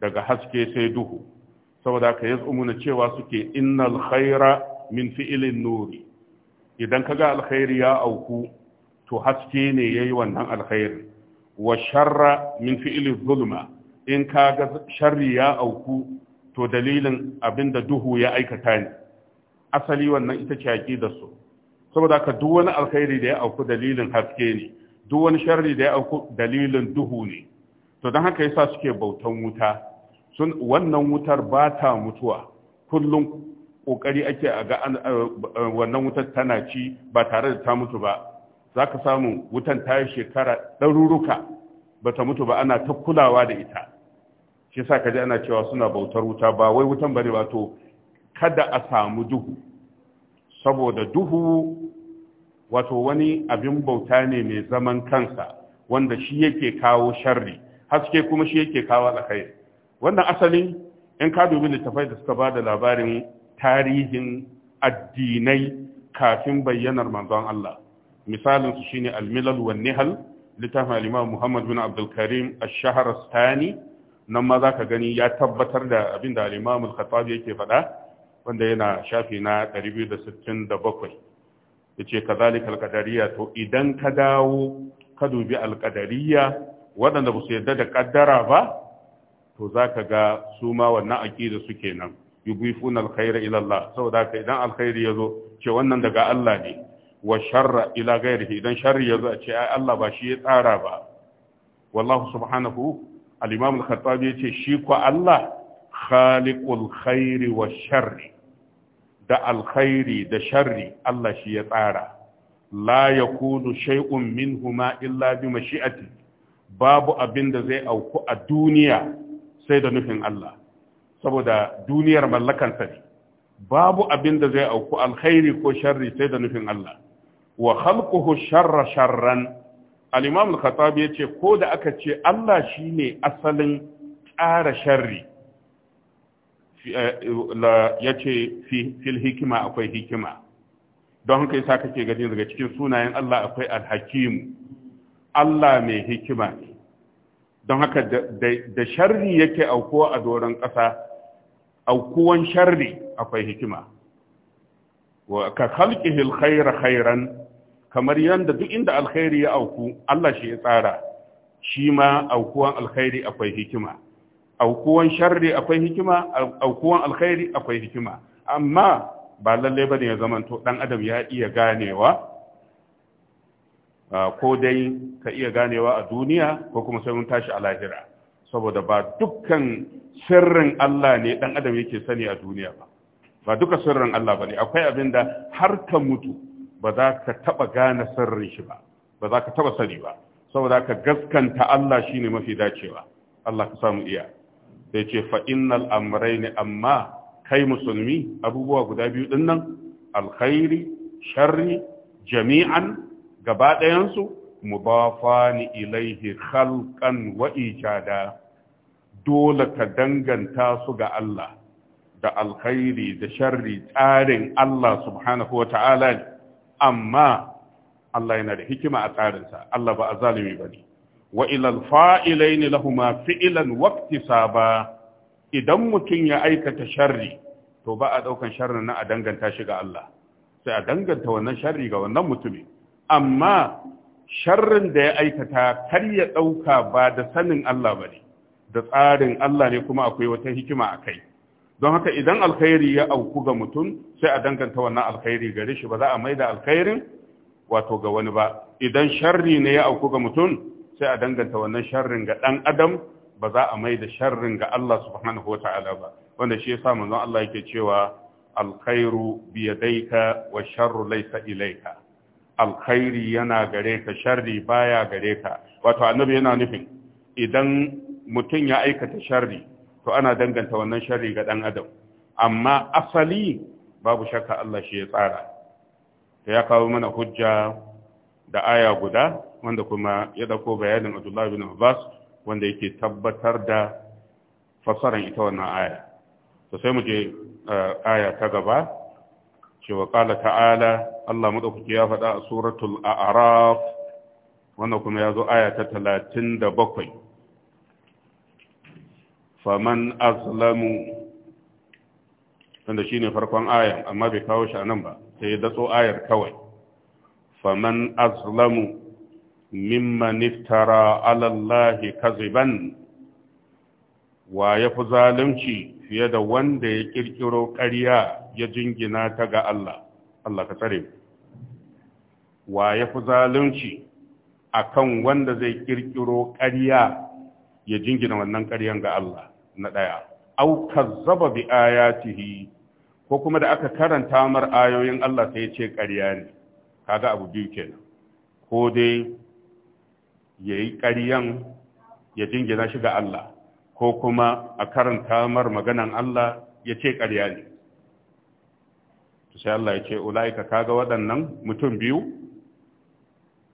daga haske sai duhu saboda ka yaz'umuna cewa suke innal khaira min fi'ilin nuri idan ka ga alkhairi ya auku to haske ne ya yi wannan alkhairi wa sharra min fi'ilin zulma in ka ga sharri ya auku to dalilin abinda duhu ya aikata ne asali wannan ita ce da su saboda ka duk wani alkhairi da ya auku dalilin haske ne duk wani sharri da ya auku dalilin duhu ne to don haka yasa suke bautan wuta sun wannan wutar ba ta mutuwa kullum kokari ake a ga eh, eh, wannan wutar tana ci ba tare da ta mutu ba za ka samu wutan ta yi shekara ɗaruruka ba ta mutu ba ana ta kulawa da ita shi sa ka ji ana cewa suna bautar wuta ba wai wutan bane ba to kada a samu duhu saboda duhu wato wani abin bauta ne mai zaman kansa wanda shi yake kawo sharri haske kuma shi yake kawo alkhairi wannan asali in ka dubi littafai da suka ba da labarin tarihin addinai kafin bayyanar manzon Allah misalin su shine al-milal nihal littafin al-imam Muhammad bin Abdul Karim ash-Shahrastani nan ma zaka gani ya tabbatar da abin da al-imam al-Khattabi yake faɗa wanda yana shafi na 267 yace kadhalika al-qadariyya to idan ka dawo ka dubi al-qadariyya waɗanda ba su yarda da kaddara ba to za ka ga su ma wannan aƙida suke nan yugwifuna alkhaira ila Allah saboda ka idan alkhairi ya zo ce wannan daga Allah ne wa sharra ila ghairihi idan sharri ya zo a ce ai Allah ba shi ya tsara ba wallahu subhanahu al-imam al-khattabi yace shi ko Allah khaliqul khairi wa sharri da alkhairi da sharri Allah shi ya tsara la yakunu shay'un minhuma illa bi mashi'ati babu abin da zai auku a duniya sai da nufin Allah saboda duniyar mallakansa ne babu abin da zai auku alkhairi ko sharri sai da nufin Allah wa khalquhu sharra sharran al-imam al-khattabi yace ko da aka ce Allah shine asalin tsara sharri eh, yace fi fil hikima akwai hikima don haka yasa kake gani daga cikin sunayen Allah akwai al-hakim Allah mai hikima ne don haka da sharri yake aukuwa a doron ƙasa aukuwan sharri akwai hikima wa ka khalqihi alkhayra khairan kamar yadda duk inda alkhairi ya auku Allah shi ya tsara shi ma aukuwan alkhairi akwai hikima aukuwan sharri akwai hikima aukuwan alkhairi akwai hikima amma ba lalle ne ya zamanto ɗan adam ya iya ganewa ko dai ka iya ganewa a duniya ko kuma sai mun tashi a lahira saboda ba dukkan sirrin Allah ne dan adam yake sani a duniya ba ba duka sirrin Allah bane akwai abin da har ka mutu ba za ka taba gane sirrin shi ba ba za ka taba sani ba saboda ka gaskanta Allah shine mafi dacewa Allah ka samu iya sai ce fa innal amrayni amma kai musulmi abubuwa guda biyu dinnan alkhairi sharri jami'an gaba ɗayansu ni ilaihi khalqan wa ijada dole ka danganta su ga Allah da alkhairi da sharri tsarin Allah subhanahu wa ta'ala amma Allah yana da hikima a tsarinsa Allah ba a zalimi ba ne wa ilal fa'ilaini lahuma fi'ilan waqtisaba idan mutum ya aikata sharri to ba a daukan sharrin na a danganta shi ga Allah sai a danganta wannan sharri ga wannan mutumin amma sharrin da ya aikata kar ya ɗauka ba da sanin Allah ba ne da tsarin Allah ne kuma akwai wata hikima a kai don haka idan alkhairi ya auku ga mutum sai a danganta wannan alkhairi gare shi ba za a maida alkhairin wato ga wani ba idan sharri ne ya auku ga mutum sai a danganta wannan sharrin ga ɗan adam ba za a maida sharrin ga Allah subhanahu wa ta'ala ba wanda shi yasa manzon Allah yake cewa alkhairu biyadaika wa sharru laysa ilayka alkhairi yana gare ka sharri baya gare ka wato annabi yana nufin idan mutum ya aikata sharri to ana danganta wannan sharri ga dan adam amma asali babu shakka Allah shi ya tsara to ya kawo mana hujja da aya guda wanda kuma ya dauko bayanin Abdullah bin Abbas wanda yake tabbatar da fasaran ita wannan aya to sai mu je eh, aya ta gaba cewa ƙala ta'ala Allah maɗaukaki ya faɗa a suratul a'raf wannan kuma ya zo aya ta talatin da bakwai faman azlamu wanda shi ne farkon ayan amma bai kawo shi a nan ba sai ya datso ayar kawai faman azlamu mimman iftara alallahi kaziban wa ya fi zalunci fiye da wanda ya ƙirƙiro ƙarya ya jingina ta ga Allah Allah ka tsare wa ya fi zalunci a kan wanda zai kirkiro ƙarya ya jingina wannan ƙaryan ga Allah na ɗaya au zaba bi ayatihi ko kuma da aka karanta mar ayoyin Allah sai ya ce ƙarya ne kaga abu biyu kenan ko dai ya yi ƙaryan ya jingina shi ga Allah ko kuma a karanta mar maganan Allah ya ce ƙarya ne sai Allah ya ce ulaika kaga waɗannan mutum biyu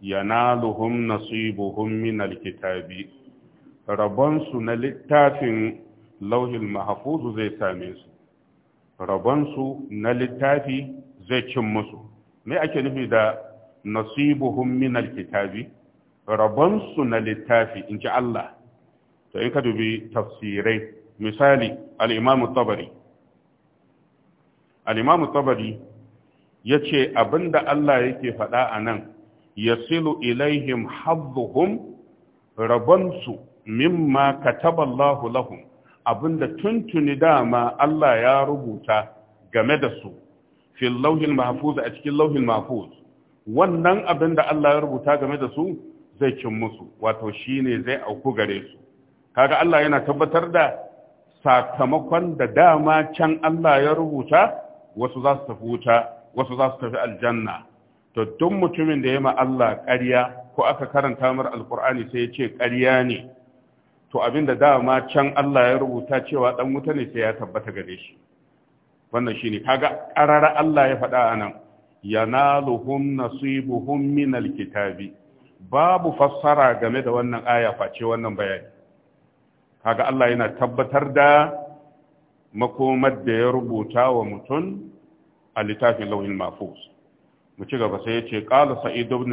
yanaluhum nasibuhum min alkitabi rabon su na littafin lauhil mahfuz zai same su rabon su na littafi zai cin musu me ake nufi da nasibuhum min alkitabi rabon su na littafi in ji Allah to in ka dubi tafsirai misali al-imam tabari al-imamu tabari abin abinda Allah yake faɗa a nan yasilu ilaihim haɗuhun rabonsu mimma kataballahu lahum abinda tuntuni dama Allah ya rubuta game da su fil lauhin mahfuz a cikin lauhin mahfuz wannan abinda Allah ya rubuta game da su zai cin musu wato shine zai auku gare su kaga Allah yana tabbatar da sakamakon da dama can Allah ya rubuta wasu za su tafi wuta wasu za su tafi aljanna to duk mutumin da ya ma Allah ƙarya ko aka karanta mar alkur'ani sai ya ce ƙarya ne to abinda da dama can Allah ya rubuta cewa dan wuta ne sai ya tabbata gare shi wannan shine kaga qarara Allah ya faɗa anan yanaluhum nasibuhum min alkitabi babu fassara game da wannan aya face wannan bayani kaga Allah yana tabbatar da makomar da ya rubuta wa mutum a littafin lauhin mafus mu ci gaba sai yace ce ƙala sa'id ibn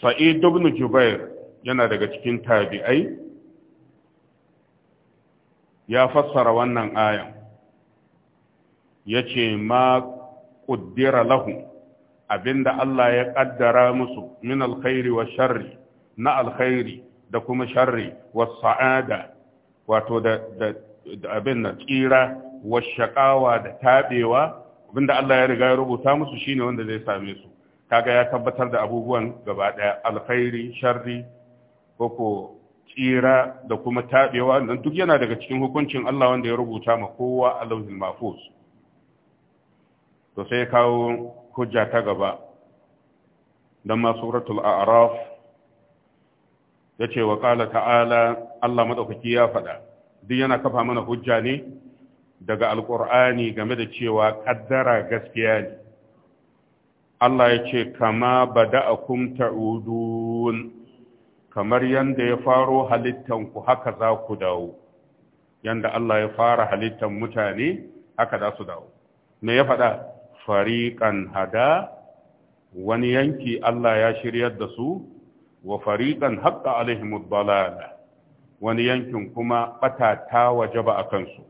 sa'id ibn jubair yana daga cikin tabi'ai ya fassara wannan ayan ya ce ma ƙuddira lahu abinda Allah ya ƙaddara musu min alkhairi wa sharri na alkhairi da kuma sharri wa sa'ada wato da abin na tsira wa da tabewa abinda Allah ya riga ya rubuta musu shine wanda zai same su kaga ya tabbatar da abubuwan gaba daya alkhairi sharri koko tsira da kuma taɓewa. nan duk yana daga cikin hukuncin Allah wanda ya rubuta ma kowa a lauhil mahfuz to sai kawo hujja ta gaba dan ma suratul a'raf yace wa qala ta'ala Allah madaukaki ya faɗa duk yana kafa mana hujja ne daga alkur'ani game da cewa ƙaddara gaskiya ne Allah ya ce kama bada'akum ta'udun kamar yanda ya faro halittan ku haka za ku dawo yanda Allah ya fara halittan mutane haka za su dawo me ya faɗa Fariƙan hada wani yanki Allah ya shiryar da su wa fariqan haqqa alaihimud dalala wani yankin kuma bata ta wajaba a kansu.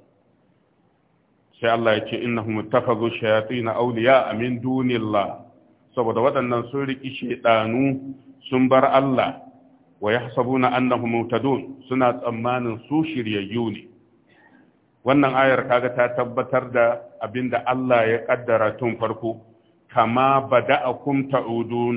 sai Allah ya ce innahum ittakhadhu shayatin awliya min dunillah saboda waɗannan sun riki shedanu sun bar Allah wa yahsabuna annahum mutadun suna tsammanin su shiryayyu ne wannan ayar kaga ta tabbatar da abinda Allah ya kaddara tun farko kama bada'akum ta'udun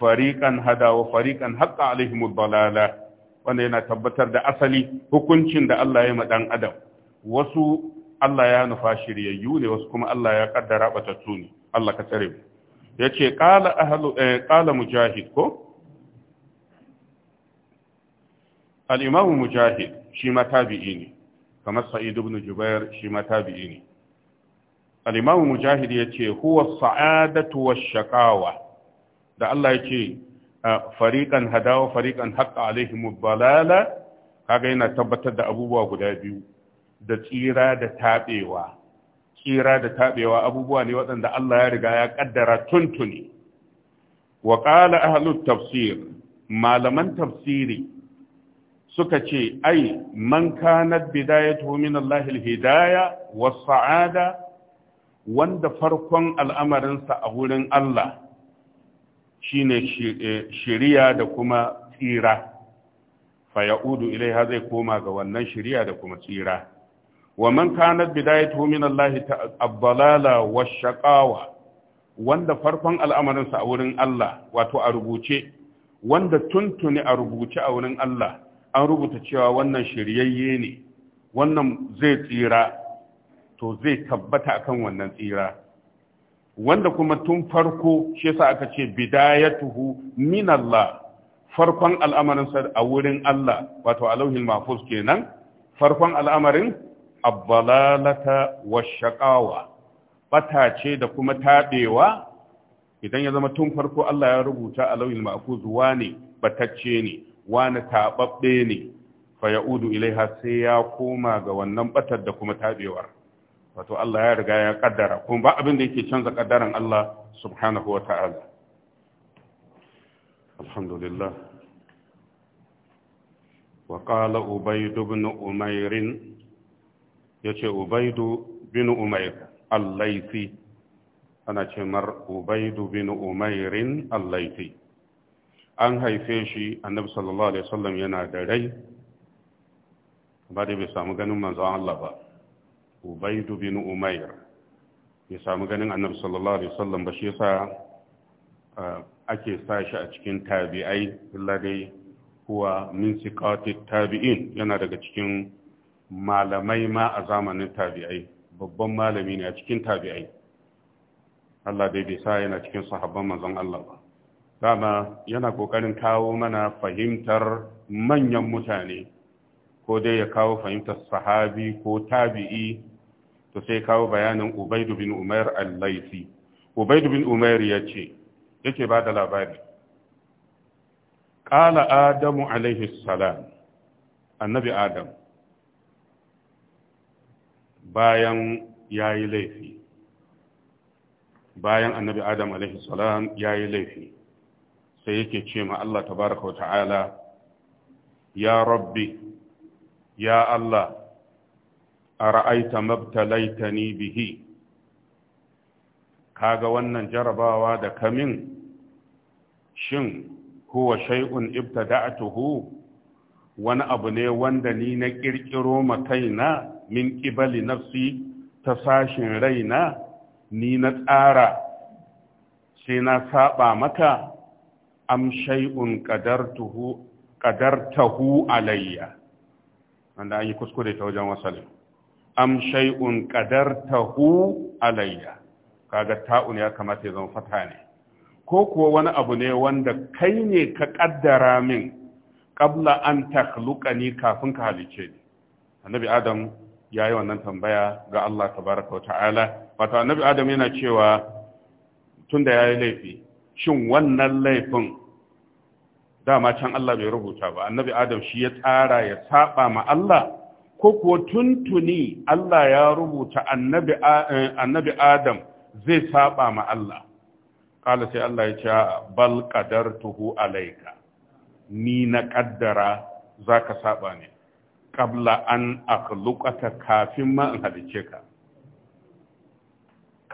fariqan hada wa fariqan haqqa alaihimud dalala wanda yana tabbatar da asali hukuncin da Allah ya ma ɗan adam wasu Allah ya nufa shiryayyu ne wasu kuma Allah ya kaddara batattu ne Allah ka tsare mu yace qala ahlu eh, qala mujahid ko al-imam mujahid shi ma tabi'i ne kamar sa'id ibn jubair shi ma tabi'i ne al-imam mujahid yace huwa sa'adatu wash da Allah yace fariqan hadawa fariqan haqqa alaihim ad-dalala kaga yana tabbatar da abubuwa guda biyu da tsira da taɓewa tsira da taɓewa abubuwa ne waɗanda Allah ya riga ya ƙaddara tuntuni wa ƙala ahlut tafsir malaman tafsiri suka ce ai man kanat bidayatu min Allah hidaya was sa'ada wanda farkon al'amarinsa a wurin Allah shine eh, shiriya da kuma tsira fa ya'udu ilaiha zai koma ga wannan shiriya da kuma tsira wa man kanat bidayatuhu min Allah ad-dalala wash-shaqawa wanda farkon al'amarinsa a wurin Allah wato a rubuce wanda tuntuni a rubuce a wurin Allah an rubuta cewa wannan shiryayye ne wannan zai tsira to zai tabbata kan wannan tsira wanda kuma tun farko shi aka ce bidayatuhu min Allah farkon al'amarinsa a wurin Allah wato alauhil mahfuz kenan farkon al'amarin abbalalata wa shaƙawa ɓatace da kuma taɓewa idan ya zama tun farko Allah ya rubuta a lauyin ma'akuz wane batacce ne wane taɓaɓɓe ne fa ya'udu ilaiha sai ya koma ga wannan ɓatar da kuma taɓewar wato Allah ya riga ya ƙaddara, kuma ba abin da yake canza kaddaran Allah subhanahu wa ta'ala alhamdulillah wa qala ubayd ibn ya ce ubaidu bin umair allaisi ana ce mar ubaidu bin umairin allaisi an haife shi annabi sallallahu alaihi wasallam yana da rai ba dai bai samu ganin manzon Allah ba ubaidu bin umair bai samu ganin annabi sallallahu alaihi wasallam ba shi yasa ah, ake sa shi a cikin tabi'ai illa dai huwa min siqati tabi'in yana daga cikin malamai ma a zamanin tabi'ai babban malami ne a cikin tabi'ai Allah dai bai sa yana cikin sahabban manzon Allah ba dama yana kokarin kawo mana fahimtar manyan mutane ko dai ya kawo fahimtar sahabi ko tabi'i to sai kawo bayanin Ubaidu bin Umair al laythi Ubaidu bin Umair yace yake bada labari qala adamu alaihi salam annabi adam bayan ya yi laifi bayan annabi adam alaihi salam ya yi laifi sai yake ce ma Allah tabaraka wa ta'ala ya rabbi ya Allah a ra'aita ni bihi kaga wannan jarabawa da kamin shin huwa shay'un ibtada'tuhu wani abu ne wanda ni na kirkiro ma kaina min ƙibali nafsi ta sashin raina ni na tsara sai na saba maka am shay'un qadartuhu qadartahu alayya wanda an yi kuskure ta wajen wasali am shay'un qadartahu alayya kaga ta'un ya kamata ya zama fata ne ko kuwa wani abu ne wanda kai ne ka kaddara min qabla an takhluqani kafin ka halice ni annabi adam ya yi wannan tambaya ga Allah tabaraka wa ta'ala wato annabi adam yana cewa tunda ya yi laifi shin wannan laifin dama can Allah bai rubuta ba annabi adam shi ya tsara ya saba ma Allah ko kuwa tuntuni Allah ya rubuta annabi eh, Adam zai saba ma Allah. Kala sai Allah ya ce, Bal tuhu alaika, ni na ƙaddara za ka saba ne. qabla an akhluqaka kafin ma in halice ka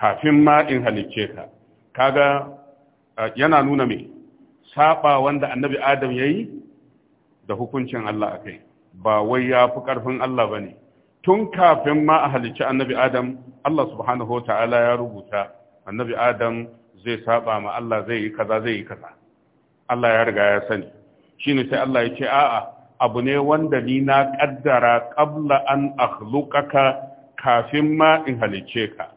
kafin ma in ka kaga ah, yana nuna me saba wanda annabi adam yayi da hukuncin Allah a kai. ba wai ya fi karfin Allah ba ne. tun kafin ma a halicci annabi adam Allah subhanahu wa ta'ala ya rubuta annabi adam zai saba ma Allah zai yi kaza zai yi kaza Allah ya riga ya sani ne sai Allah ya ce a'a abu ne wanda ni na kaddara qabla an akhluqaka kafin ma in halicce ka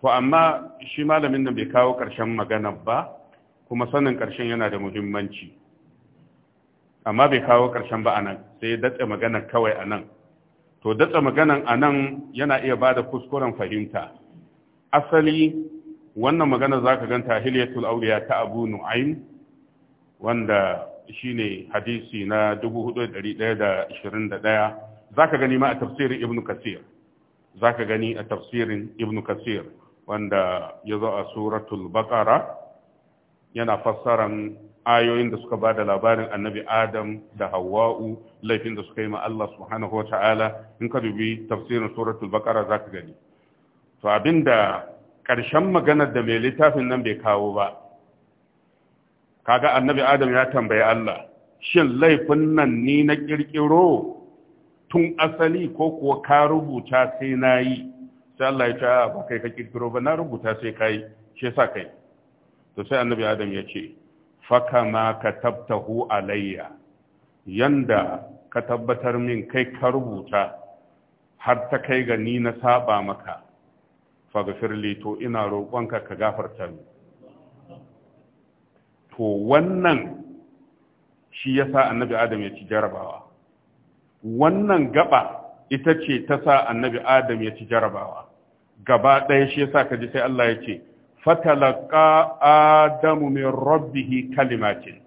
to amma shi malamin nan bai kawo ƙarshen magana ba kuma sanin ƙarshen yana da muhimmanci amma bai kawo ƙarshen ba anan sai datse maganar kawai anan to datse maganar anan yana iya ba da kuskuren fahimta asali wannan magana za ka ganta hiliyatul auliya ta abu nu'aim wanda shine hadisi na 4121 zaka gani ma a tafsirin ibnu kasir zaka gani a tafsirin ibnu kasir wanda ya zo a suratul baqara yana fassaran ayoyin da suka ba da labarin annabi adam da hawa'u laifin da suka yi ma Allah subhanahu in ka dubi tafsirin suratul baqara zaka gani to abinda ƙarshen maganar da mai littafin nan bai kawo ba kaga annabi adam ya tambayi Allah shin laifin nan ni na kirkiro tun asali ko kuwa ka rubuta sai na yi sai Allah ya ce ba kai ka kirkiro ba na rubuta sai kai yi shi yasa kai to sai annabi adam ya ce faka ma ka tabtahu alayya yanda ka tabbatar min kai ka rubuta har ta kai ga ni na saba maka faghfir to ina roƙonka ka gafarta ni to wannan shi ya sa annabi adam ya ci jarabawa wannan gaba ita ce ta sa annabi adam ya ci jarabawa gaba ɗaya shi ya sa ka ji sai Allah ya ce fatalaka adamu min rabbihi kalimatin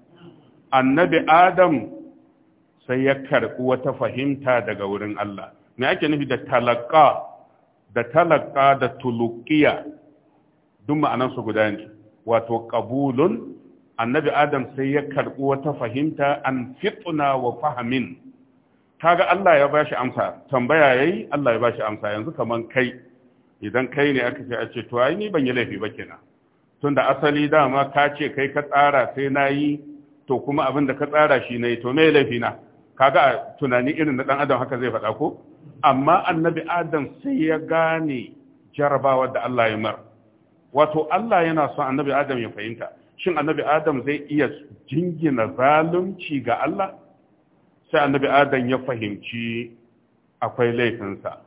annabi adam sai ya karɓi wata fahimta daga wurin Allah me ake nufi da talaka da talaka da tulukiya duk ma'anansu guda ne wato ƙabulun annabi adam sai ya karɓi wata fahimta an fituna wa fahamin kaga Allah ya bashi amsa tambaya yayi Allah ya bashi amsa yanzu kaman kai idan kai ne aka ce a ce to ai ni ban yi laifi ba kenan tunda asali dama ka ce kai ka tsara sai nayi to kuma abin da ka tsara shi ne to me laifi na kaga tunani irin na dan adam haka zai faɗa ko amma annabi adam sai ya gane jarabawa da Allah ya mar wato Allah yana son annabi adam ya fahimta shin annabi adam zai iya jingina zalunci ga Allah sai annabi adam ya fahimci akwai laifinsa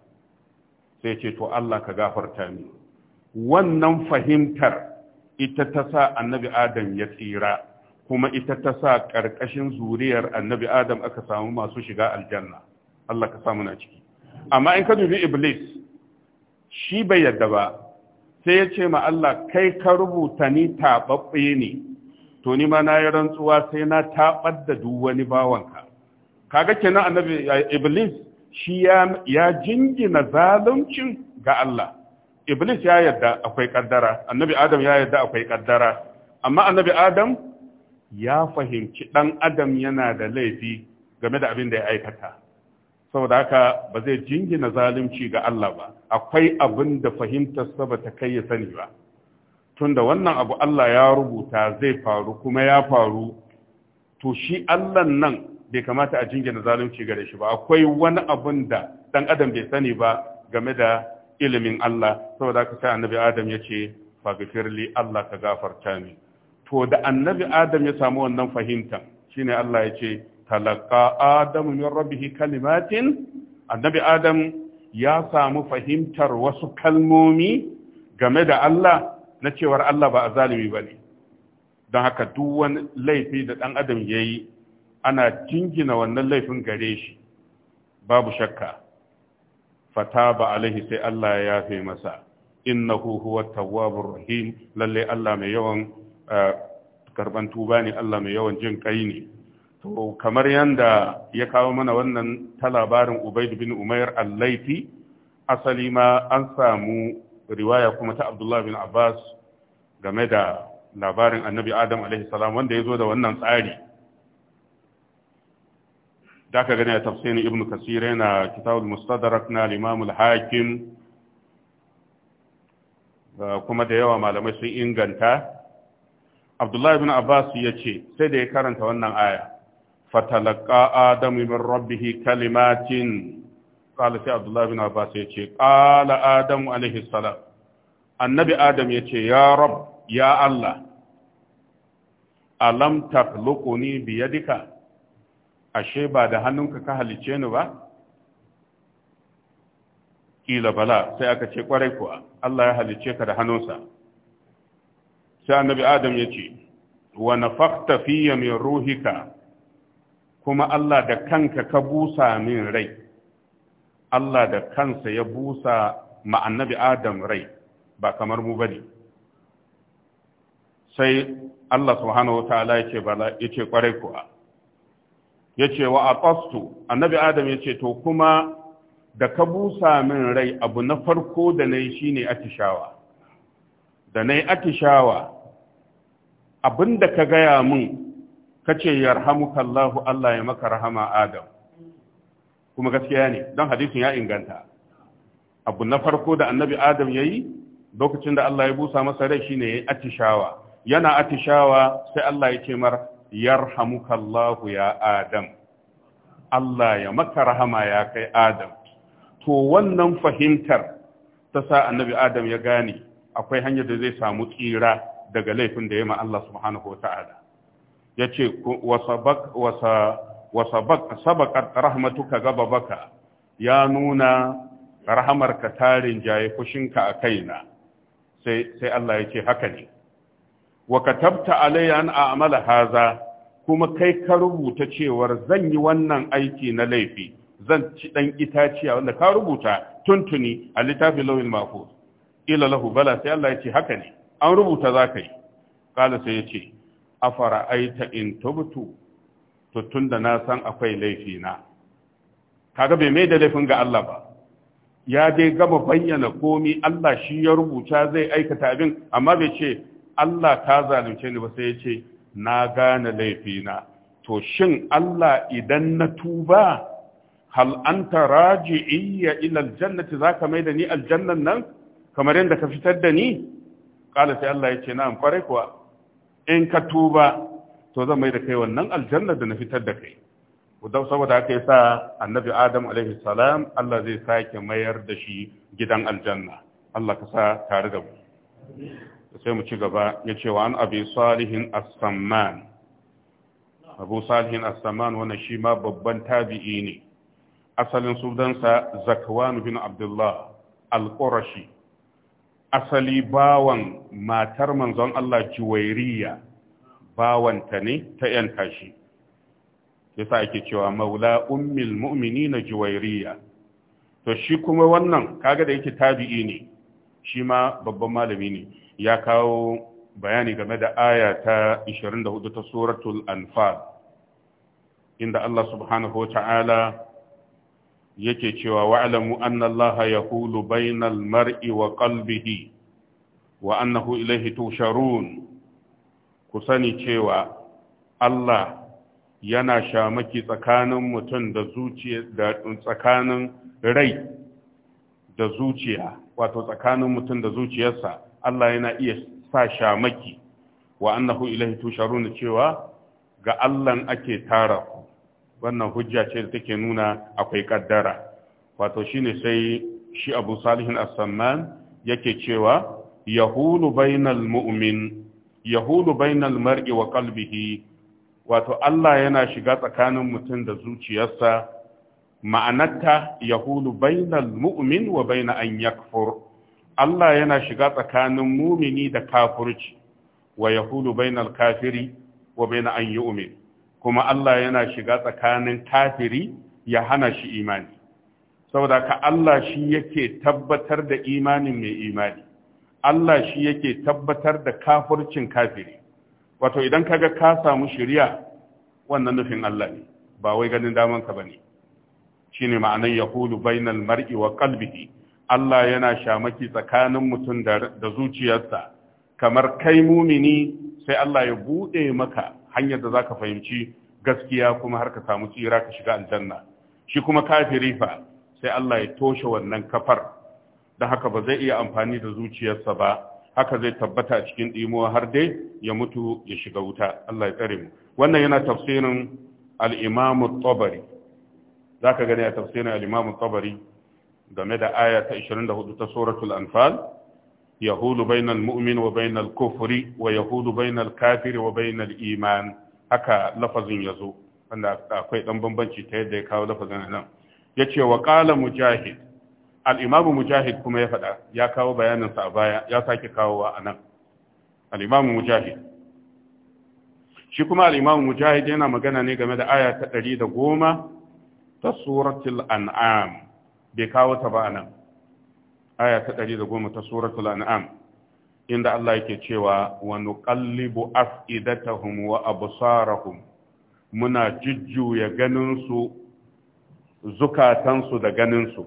sai ce to Allah ka gafarta ni wannan fahimtar ita ta sa annabi adam ya tsira kuma ita ta sa ƙarƙashin zuriyar annabi adam aka samu masu shiga aljanna Allah ka samu na ciki amma in ka dubi iblis shi bai yadda ba sai ya ce ma Allah kai ka rubuta ni taɓaɓɓe ne to ni ma na yi rantsuwa sai na taɓar da duk wani bawanka kaga kenan annabi eh, iblis shi ya jingina zaluncin ga Allah iblis ya yarda akwai kaddara annabi adam ya yarda akwai kaddara amma annabi adam ya fahimci dan adam yana da laifi game da abin da ya aikata saboda haka ba zai jingina zalunci ga Allah ba akwai abin da sa ba ta kai ya sani ba tunda wannan abu Allah ya rubuta zai faru kuma ya faru to shi Allah nan bai kamata a jingina zalunci gare shi ba akwai wani abin da dan adam bai sani ba game da ilimin Allah saboda haka sai annabi Adam ya ce faghfirli Allah ka gafarta ni to da annabi Adam ya samu wannan fahimta shine Allah ya ce talaka adamu min rabbihi kalimatin annabi adam ya samu fahimtar wasu kalmomi game da Allah na cewar Allah ba a zalimi ba ne don haka duk wani laifi da ɗan adam ya yi ana jingina wannan laifin gare shi babu shakka fata ba alaihi sai Allah ya yafe masa innahu huwa tawwabur rahim lalle Allah mai yawan eh, karban tuba ne Allah mai yawan jin kai ne to kamar yadda ya kawo mana wannan ta labarin ubaid bin umair al-laifi asali ma an samu riwaya kuma ta abdullah bin abbas game da labarin annabi adam alaihi salam wanda ya zo da wannan tsari da aka gani a tafsirin ibn kasira yana kitabul mustadrak na Limamul hakim kuma da yawa malamai sun inganta abdullahi bin abbas ya ce sai da ya karanta wannan aya فتلقى آدم من ربه كلمات قال سي عبد الله بن عباس يتي قال آدم عليه السلام النبي آدم يتي يا رب يا الله ألم تخلقني بيدك أشي بعد هنوك كهل ka halice Kila bala sai aka ce kwarai kuwa, Allah ya halice ka da hannunsa. Sai annabi Adam ya ce, wa nafakta fiye min ruhika kuma Allah da kanka ka busa min rai Allah da kansa ya busa ma annabi Adam rai ba kamar mu bane sai Allah subhanahu wataala yake bala yake kwarai kuwa yace wa aqastu annabi Adam yace to kuma da ka busa min rai abu na farko da nayi shine atishawa da nayi atishawa abinda ka gaya mun. kace yarhamuka Allahu Allah ya maka rahama Adam kuma gaskiya ne don hadisin ya inganta abu na farko da annabi Adam yayi lokacin da Allah ya busa masa rai shine yayi atishawa yana atishawa sai Allah ya ce mar yarhamuka Allahu ya Adam Allah ya maka rahama ya kai Adam to wannan fahimtar ta sa annabi Adam ya gane akwai hanyar da zai samu tsira daga laifin da ya ma Allah subhanahu wa ta'ala ya ce sabakar rahmatuka gaba baka ya nuna rahamarka tarin jaye kushinka a kaina sai Allah ya ce haka ne wa katabta alayya an a'mala haza kuma kai ka rubuta cewar zan yi wannan aiki na laifi zan ci dan itaciya wanda ka rubuta tuntuni a littafin lawil mahfuz ila lahu bala sai Allah ya ce haka ne an rubuta za ka yi kala sai ya ce afara aita in tubtu to tunda na san akwai laifi na kaga bai mai da laifin ga Allah ba ya dai gama bayyana komi Allah shi ya rubuta zai aikata abin amma bai ce Allah ta zalunce ni ba sai ya ce na gane laifina to shin Allah idan na tuba hal anta raji'iyya ila aljannati zaka mai da ni aljannan nan kamar yadda ka fitar da ni qala sai Allah ya ce na'am kwarai kuwa in ka tuba to zan mai da kai wannan aljannar da na fitar da kai don saboda haka sa annabi adam alaihi salam Allah zai sake mayar da shi gidan aljanna Allah ka sa tare da mu sai mu ci gaba ya ce wa an abi salihin as-samman abu salihin as-samman wannan shi ma babban tabi'i ne asalin sunansa zakwan bin abdullah al-qurashi asali bawan matar manzon Allah juwairiya bawanta ne ta yan shi yasa ake cewa maula ummil mu'minina juwairiya to shi kuma wannan kaga da yake tabi'i ne shi ma babban malami ne ya kawo bayani game da aya ta 24 ta suratul anfal inda Allah subhanahu wa ta'ala yake cewa wa'alamu annallaha yahulu bainal mar'i wa qalbihi wa annahu ilaihi tusharun ku sani cewa Allah yana shamaki tsakanin mutum da zuciya da tsakanin rai da zuciya wato tsakanin mutum da zuciyarsa Allah yana iya sa shamaki wa annahu ilaihi tusharun cewa ga Allah ake tara wannan hujja ce da take nuna akwai kaddara wato shine sai shi abu salihin as-samman yake cewa yahulu bainal mu'min yahulu bainal mar'i wa qalbihi wato Allah yana shiga tsakanin mutum da zuciyarsa ma'anarta yahulu bainal mu'min wa baina an yakfur Allah yana shiga tsakanin mumini da kafirci wa yahulu bainal kafiri wa baina an yu'min kuma Allah yana shiga tsakanin kafiri ya hana shi imani saboda ka Allah shi yake tabbatar da imanin mai imani Allah shi yake tabbatar da kafurcin kafiri wato idan kaga ka samu shiriya wannan nufin Allah ne ba wai ganin daman ka ne shine ma'anar yaqulu bainal mar'i wa qalbihi Allah yana shamaki tsakanin mutum da zuciyarsa kamar kai mumini sai Allah ya buɗe maka hanyar da zaka fahimci gaskiya kuma har ka samu tsira ka shiga aljanna shi kuma kafiri fa sai Allah ya toshe wannan kafar da haka ba zai iya amfani da zuciyarsa ba haka zai tabbata a cikin ɗimuwa har dai ya mutu ya shiga wuta Allah ya tsare mu wannan yana tafsirin al-Imam tabari zaka gani a tafsirin al-Imam tabari game da aya ta 24 ta suratul Anfal yahulu bainal mu'min wa bainal kufri wa yahulu bainal kafiri wa bainal iman haka lafazin yazo wanda akwai dan bambanci ta yadda ya kawo lafazin nan yace wa qala mujahid al mujahid kuma ya faɗa ya kawo bayaninsa a baya ya sake kawowa anan al-imamu mujahid shi kuma al mujahid yana magana ne game da aya ta ɗari da goma ta suratul an'am bai kawo ta ba a nan. aya ta goma ta suratul an'am inda Allah yake cewa wa nuqallibu af'idatahum wa absarahum muna jujjuya ganinsu, zukatansu da ganinsu, su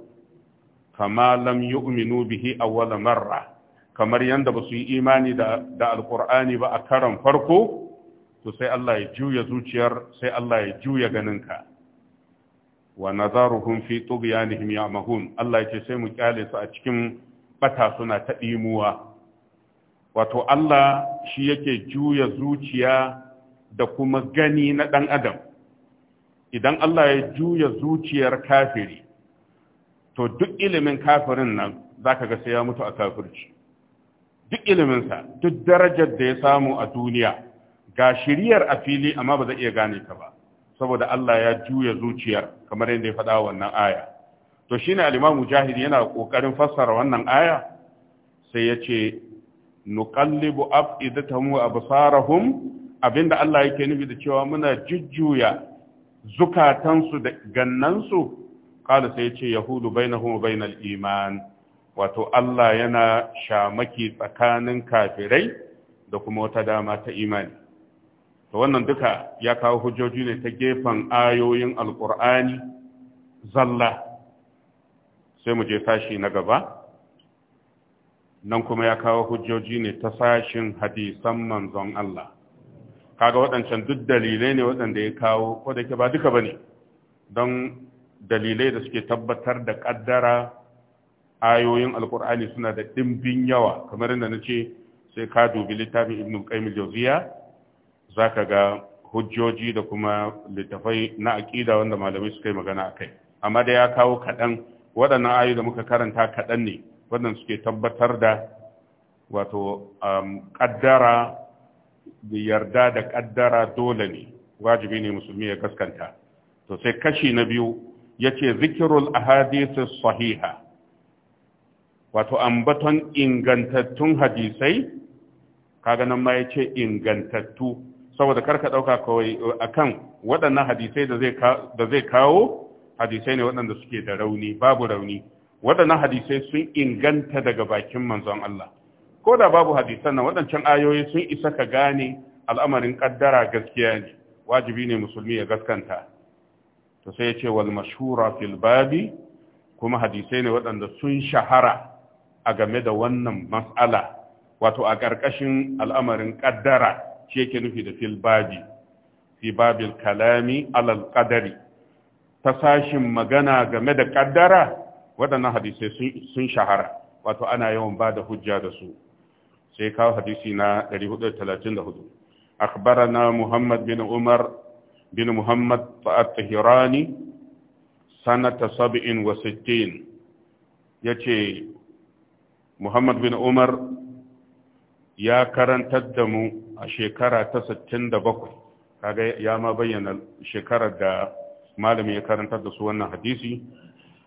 kama lam yu'minu bihi awwal marra kamar yanda ba su yi imani da da alqur'ani ba a karan farko to sai Allah ya juya zuciyar sai Allah ya juya ganinka wa nazaruhum fi tughyanihim ya'mahun Allah yake sai mu kyale su a cikin bata suna ta dimuwa wato Allah shi yake juya zuciya da kuma gani na dan adam idan Allah ya juya zuciyar kafiri to duk ilimin kafirin nan zaka ga sai ya mutu a kafirci duk iliminsa duk darajar da ya samu a duniya ga shiriyar a fili amma ba zai iya gane ta ba saboda Allah ya juya zuciyar kamar yadda ya faɗa wannan aya to shine al-Imam Mujahid yana ƙoƙarin fassara wannan aya sai ya ce nuqallibu af'idatahum wa absarahum abinda Allah yake nufi da cewa muna jujjuya zukatansu da gannansu qala sai ya ce yahudu bainahum wa bainal iman wato Allah yana shamaki tsakanin kafirai da kuma wata dama ta imani to wannan duka ya kawo hujjoji ne ta gefen ayoyin alkur'ani zalla sai mu je sashi na gaba nan kuma ya kawo hujjoji ne ta sashin hadisan manzon Allah kaga waɗancan duk dalilai ne waɗanda ya kawo ko da ke ba duka bane don dalilai da suke tabbatar da ƙaddara ayoyin alkur'ani suna da ɗimbin yawa kamar yadda na ce sai ka dubi littafin ibn qayyim al-jawziyah za ka ga hujjoji da kuma littafai na aƙida wanda malamai suka yi magana a kai amma da ya kawo kaɗan waɗannan ayu da muka karanta kaɗan ne waɗanda suke tabbatar da wato um, ƙaddara da yarda da ƙaddara dole ne wajibi ne musulmi ya gaskanta. to sai kashi na biyu ya ce zikirul ahadisi sahiha wato ambaton ingantattun hadisai kaga nan ma ya ce ingantattu saboda karka ɗauka kawai uh, akan waɗannan hadisai da zai kawo hadisai ne waɗanda suke da rauni babu rauni waɗannan hadisai sun inganta daga bakin manzon Allah ko da babu hadisan nan waɗancan ayoyi sun isa ka gane al'amarin ƙaddara gaskiya ne wajibi ne musulmi ya gaskanta to sai ya ce wal mashhura fil babi kuma hadisai ne waɗanda sun shahara a game da wannan mas'ala wato a ƙarƙashin al'amarin ƙaddara shi yake nufi da fil fi babil kalami alal qadari ta sashin magana game da kaddara waɗannan hadisai sun shahara wato ana yawan ba da hujja da su sai kawo hadisi na 434 na muhammad bin umar bin muhammad at-tahirani sanata Ya yace muhammad bin umar ya karantar da mu a shekara ta 67 kaga ya ma bayyana shekarar da malami ya karanta da su wannan hadisi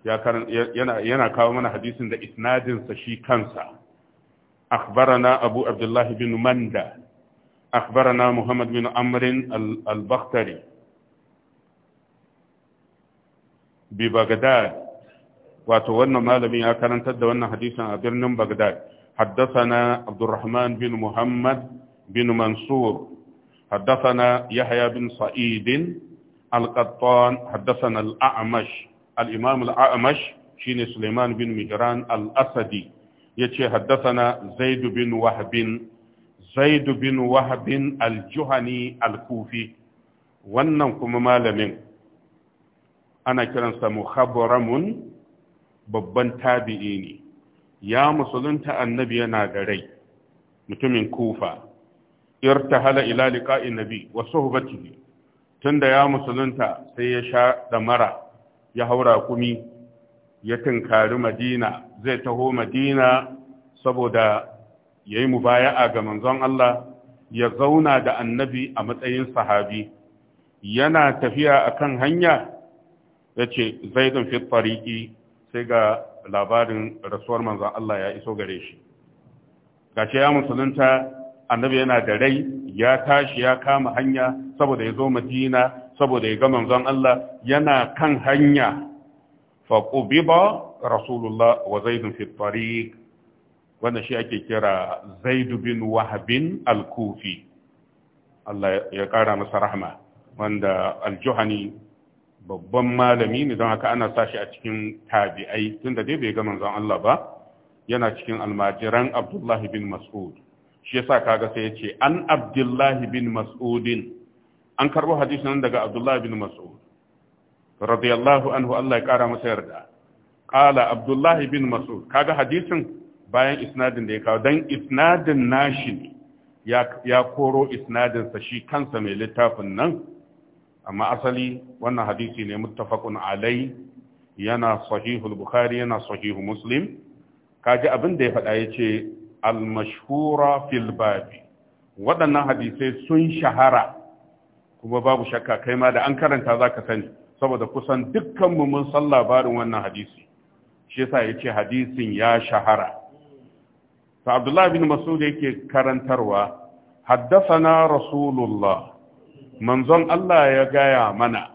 yana kawo mana hadisin da isnadinsa shi kansa أخبرنا أبو Muhammad bin Amrin al-Bakhtari. Bi Bagdad wato wannan ببغداد ya مالمي da wannan hadisin a birnin Bagdad. حدثنا عبد الرحمن بن محمد بن منصور حدثنا يحيى بن سعيد القطان حدثنا الأعمش الإمام الأعمش شين سليمان بن مجران الأسدي يتي حدثنا زيد بن وهب زيد بن وهب الجهني الكوفي wannan kuma malamin ana kiransa muhabbaramun babban tabi'i ne ya musulunta annabi yana da rai mutumin kufa irtahala ila liqa'in nabi wa suhbatihi tunda ya musulunta sai ya sha damara ya haura kumi ya tinkari madina zai taho madina saboda ya yi mubaya'a ga manzon Allah ya zauna da annabi a matsayin sahabi yana tafiya a kan hanya ya ce zaidun fi tariki sai ga labarin rasuwar manzon Allah ya iso gare shi gashi ya musulunta annabi yana da rai ya tashi ya kama hanya saboda ya zo madina saboda ya ga manzon Allah yana kan hanya fa rasulullah wa zaid fi tariq shi ake kira zaid bin wahabin al-kufi Allah ya kara masa rahma wanda al-juhani babban malami ne don haka ana sashi a cikin tabi'ai tunda dai bai ga manzon Allah ba yana cikin almajiran Abdullahi bin Mas'ud shi yasa kaga sai ya ce an abdullahi bin mas'udin an karbo hadisi nan daga abdullahi bin mas'ud radiyallahu anhu Allah ya kara masa yarda qala abdullahi bin mas'ud kaga hadisin bayan isnadin da ya kawo dan isnadin nashi ya ya koro isnadin sa shi kansa mai littafin nan amma asali wannan hadisi ne muttafaqun alai yana sahihul bukhari yana sahihu muslim kaji abin da ya faɗa ya ce al-mashhura fil waɗannan hadisai sun shahara kuma babu shakka kai ma da an karanta za ka sani saboda kusan dukkan mu mun san labarin wannan hadisi shi yasa yace hadisin ya shahara fa Abdullah bin Mas'ud yake karantarwa haddasa na rasulullah manzon Allah ya gaya mana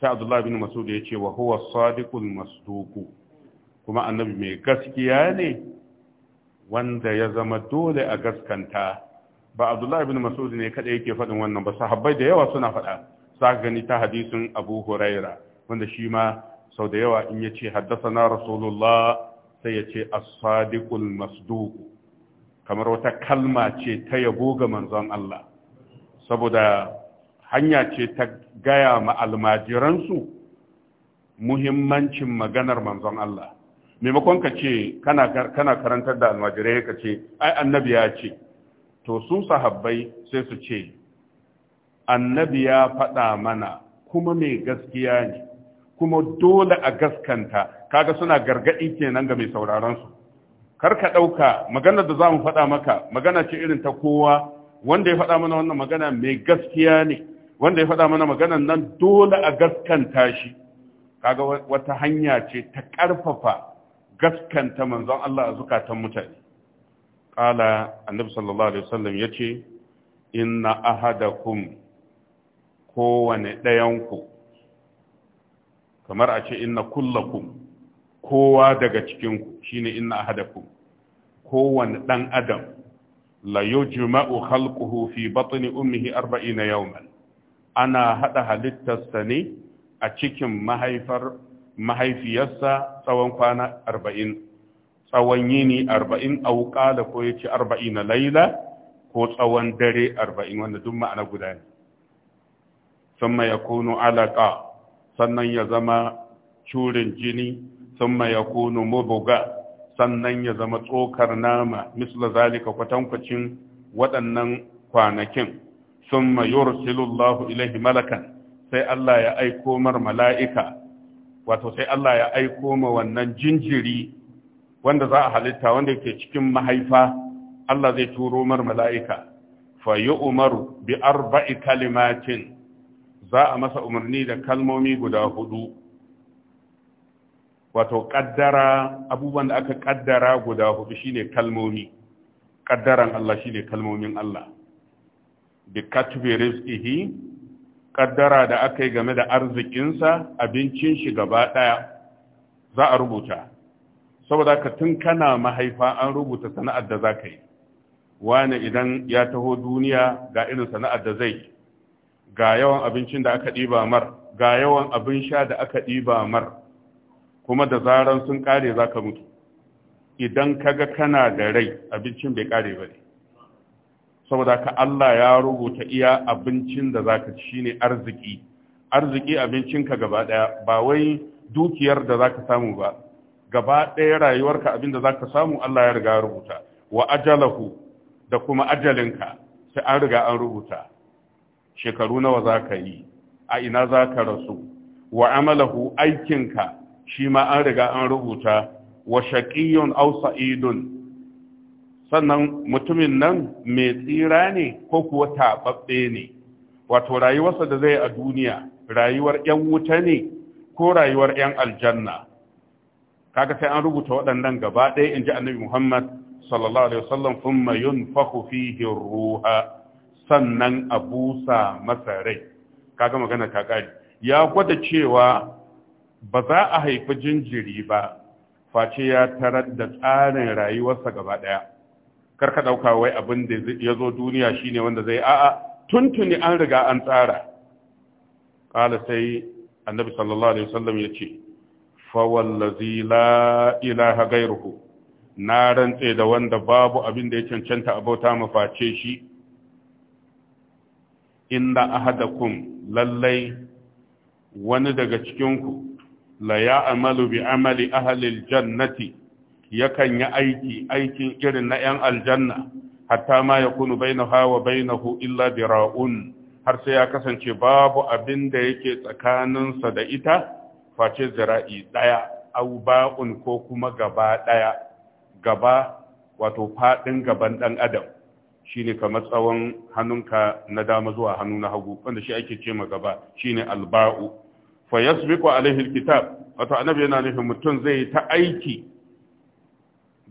sai Abdullah bin Mas'ud yace wa huwa sadiqul masduqu kuma annabi mai gaskiya ne wanda ya zama dole a gaskanta ba Abdullahi ibn mas'ud ne kada yake faɗin wannan ba sahabbai da yawa suna faɗa sa gani ta hadisin abu huraira wanda shi ma sau da yawa in yace haddathana rasulullah sai yace as-sadiqul masduq kamar wata kalma ce ta yabo ga manzon Allah saboda hanya ce ta gaya ma almajiransu muhimmancin maganar manzon Allah maimakon ka ce kana karantar da almajirai ka ce ai annabi ya ce to su sahabbai sai su ce annabi ya faɗa mana kuma mai gaskiya ne kuma dole a gaskanta kaga suna gargaɗi kenan ga mai sauraron su kar ka ɗauka magana da za mu faɗa maka magana ce irin ta kowa wanda ya faɗa mana wannan magana mai gaskiya ne wanda ya faɗa mana maganan nan dole a gaskanta shi kaga wata hanya ce ta ƙarfafa gaskanta manzon Allah a zukatan mutane qala annabi sallallahu alaihi wasallam yace inna ahadakum kowane ɗayanku kamar a ce inna kullakum kowa daga cikinku shine inna ahadakum kowane ɗan adam la yujma'u khalquhu fi batni ummihi 40 yawman ana hada halittarsa ne a cikin mahaifar mahaifiyarsa tsawon kwana arba'in tsawon yini arba'in a wuƙa da ko ya ce arba'in na laila ko tsawon dare arba'in wanda duk ma'ana guda ne sun ya kunu alaƙa sannan ya zama curin jini sun ya kunu mabuga sannan ya zama tsokar nama misla zalika kwatankwacin waɗannan kwanakin sun ma yursilullahu ilaihi malakan sai Allah ya aiko mar mala'ika wato sai Allah ya aiko ma wannan jinjiri wanda za a halitta wanda ke cikin mahaifa Allah zai turo mar mala'ika fa yi umaru bi arba'i kalimatin za a masa umarni da kalmomi guda hudu wato ƙaddara, abubuwan da aka ƙaddara guda hudu shine kalmomi kaddaran Allah shine kalmomin Allah bi katbi rizqihi kaddara da aka yi game da arzikinsa abincin shi gaba ɗaya za a rubuta saboda ka tun kana mahaifa an rubuta sana'ar da za ka yi wani idan ya taho duniya ga irin sana'ar da zai ga yawan abincin da aka ɗiba mar ga yawan abin sha da aka ɗiba mar kuma da zaran sun kare za ka mutu idan kaga kana da rai abincin bai kare ba ne saboda ka Allah ya rubuta iya abincin da zaka ci shine arziki arziki abincinka gaba daya ba wai dukiyar da zaka samu ba gaba daya rayuwarka abin da zaka samu Allah ya riga ya rubuta wa ajalahu da kuma ajalinka sai an riga an rubuta shekaru nawa zaka yi a ina zaka rasu wa amalahu aikinka shi ma an riga an rubuta wa shaqiyyun aw sa'idun sannan mutumin nan mai tsira ne ko kuwa taɓaɓɓe ne wato rayuwarsa da zai a duniya rayuwar 'yan wuta ne ko rayuwar 'yan aljanna kaga sai an rubuta waɗannan gaba ɗaya in ji annabi muhammad sallallahu alaihi wasallam thumma yunfakhu fihi ruha sannan a busa masa rai kaga magana ta ƙari ya gwada cewa ba za a haifi jinjiri ba face ya tarar da tsarin rayuwarsa gaba ɗaya kar ka ɗauka wai abin da ya zo duniya shine wanda zai a'a tuntuni an riga an tsara qala sai annabi sallallahu alaihi wasallam ya ce fa wallazi la ilaha ghairuhu na rantse da wanda babu abin da ya cancanta abota maface shi inda ahadakum lallai wani daga cikinku la ya amalu bi amali ahalil jannati yakan yi aiki aikin irin na 'yan aljanna hatta ma ya kunu bainaha wa hu, illa dira'un har sai ya kasance babu abin da yake tsakaninsa da ita face zira'i ɗaya au ba'un ko kuma gaba ɗaya gaba wato faɗin gaban ɗan adam shine kamar tsawon hannunka na dama zuwa hannu na hagu wanda shi ake ce ma gaba shine alba'u fa yasbiqu alaihi alkitab wato annabi yana nufin mutum zai ta aiki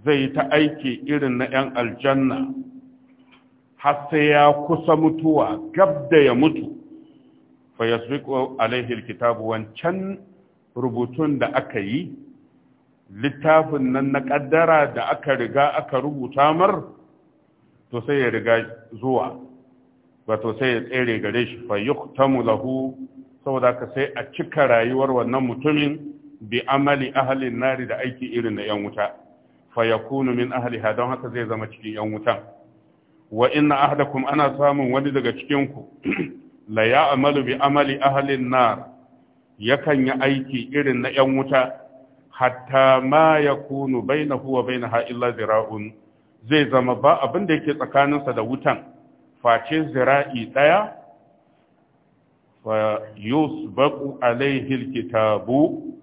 zai yi ta aiki irin na 'yan aljanna har sai ya kusa mutuwa gab da ya mutu fa ya alaihi kitabu wancan rubutun da aka yi littafin nan na ƙaddara da aka riga aka rubuta mar to sai ya riga zuwa wato sai ya tsere gare shi fa yuktamu lahu saboda ka sai a cika rayuwar wannan mutumin bi amali ahalin nari da aiki irin na 'yan wuta fayakunu min ahliha don haka zai zama cikin yan wutan wa inna ahdakum ana samun wani daga cikin ku la ya'malu bi amali ahli nar yakan yi aiki irin na yan wuta hatta ma yakunu bainahu wa bainaha illa zira'un zai zama ba abin da yake tsakaninsa da wutan face zira'i daya fa yusbaqu alaihi alkitabu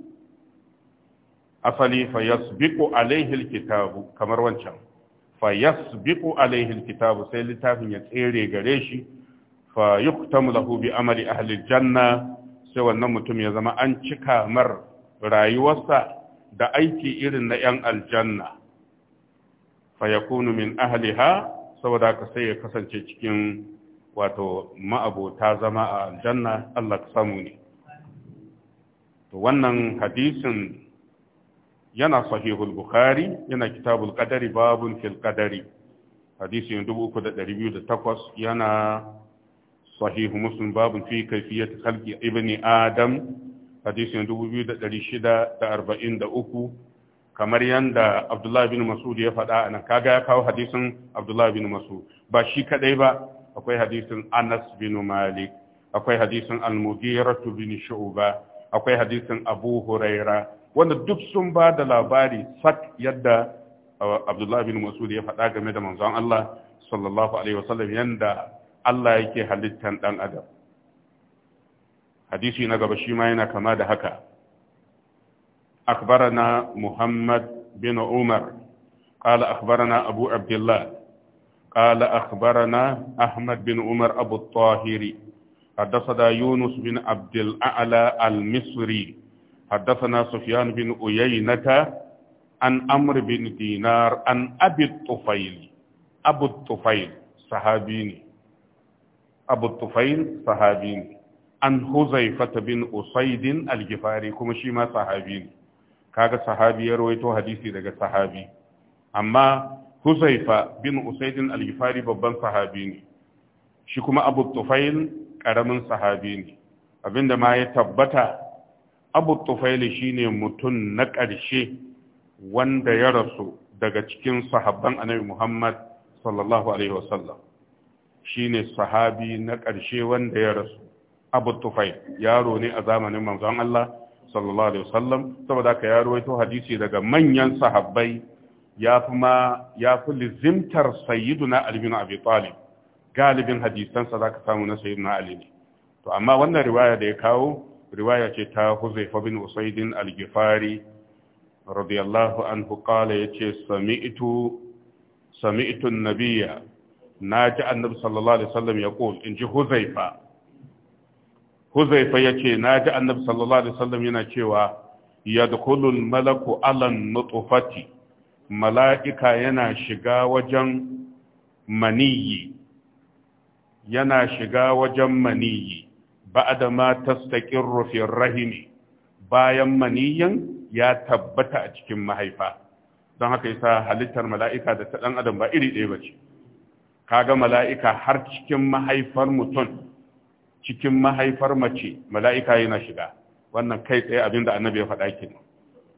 asali fa yasbiqu alayhi alkitabu kamar wancan fa yasbiqu alayhi alkitabu sai littafin ya tsere gare shi fa yuktamu lahu bi amali ahli aljanna sai wannan mutum ya zama an cika mar rayuwarsa da aiki irin na yan aljanna fa yakunu min ahliha saboda ka sai ya kasance cikin wato ma'abota zama a aljanna Allah ka samu ne to wannan hadisin yana sahihul bukhari yana kitabul qadari babun fil qadari hadisi 3208 yana sahihu muslim babun fi kayfiyat khalqi ibni adam hadisi 2643 kamar yanda abdullahi bin mas'ud ya faɗa anan kaga ya kawo hadisin abdullahi bin mas'ud ba shi kadai ba akwai hadisin anas bin malik akwai hadisin al-mughirah bin shu'ba akwai hadisin abu huraira wanda duk sun ba da labari sak yadda uh, Abdullahi bin Mas'ud ya faɗa game da manzon Allah sallallahu alaihi wasallam yanda Allah yake halittan dan adam hadisi na gaba shi ma yana kama da haka أخبرنا محمد بن عمر قال أخبرنا أبو عبد الله قال أخبرنا أحمد بن عمر أبو الطاهري حدثنا يونس بن عبد الأعلى المصري حدثنا سفيان بن أيينة عن أمر بن دينار عن أبي الطفيل أبو الطفيل صحابيني أبو الطفيل صحابيني عن حذيفة بن أسيد الجفاري كما شيما صحابيني كاغا صحابي يرويتو حديثي دغا صحابي أما حذيفة بن أسيد الجفاري ببن صحابيني شكما أبو الطفيل karamin sahabi ne abinda ma ya tabbata abu tufaili shine mutum na ƙarshe wanda ya rasu daga cikin sahabban annabi muhammad sallallahu alaihi wasallam shine sahabi na ƙarshe wanda ya rasu abu tufail yaro ne a zamanin manzon allah sallallahu alaihi wasallam saboda ka ya hadisi daga manyan sahabbai ya fi ma ya fi lizimtar sayyiduna ali abi talib galibin hadisansa zaka samu na sayyiduna ali ne to amma wannan riwaya da ya kawo riwaya ce ta huzaifa bin usaidin al-gifari radiyallahu anhu qala yace sami'tu sami'tu an-nabiyya naji annabi sallallahu alaihi wasallam yaqul inji huzaifa huzaifa yace naji annabi sallallahu alaihi wasallam yana cewa yadkhulul malaku alan nutfati mala'ika yana shiga wajen maniyi yana shiga wajen maniyi ba'da ma tastaqirru fi rahimi bayan maniyan ya tabbata a cikin mahaifa don haka yasa halittar mala'ika da ta ɗan adam ba iri ɗaya bace kaga mala'ika har cikin mahaifar mutum cikin mahaifar mace mala'ika yana shiga wannan kai tsaye abin da annabi ya faɗa kenan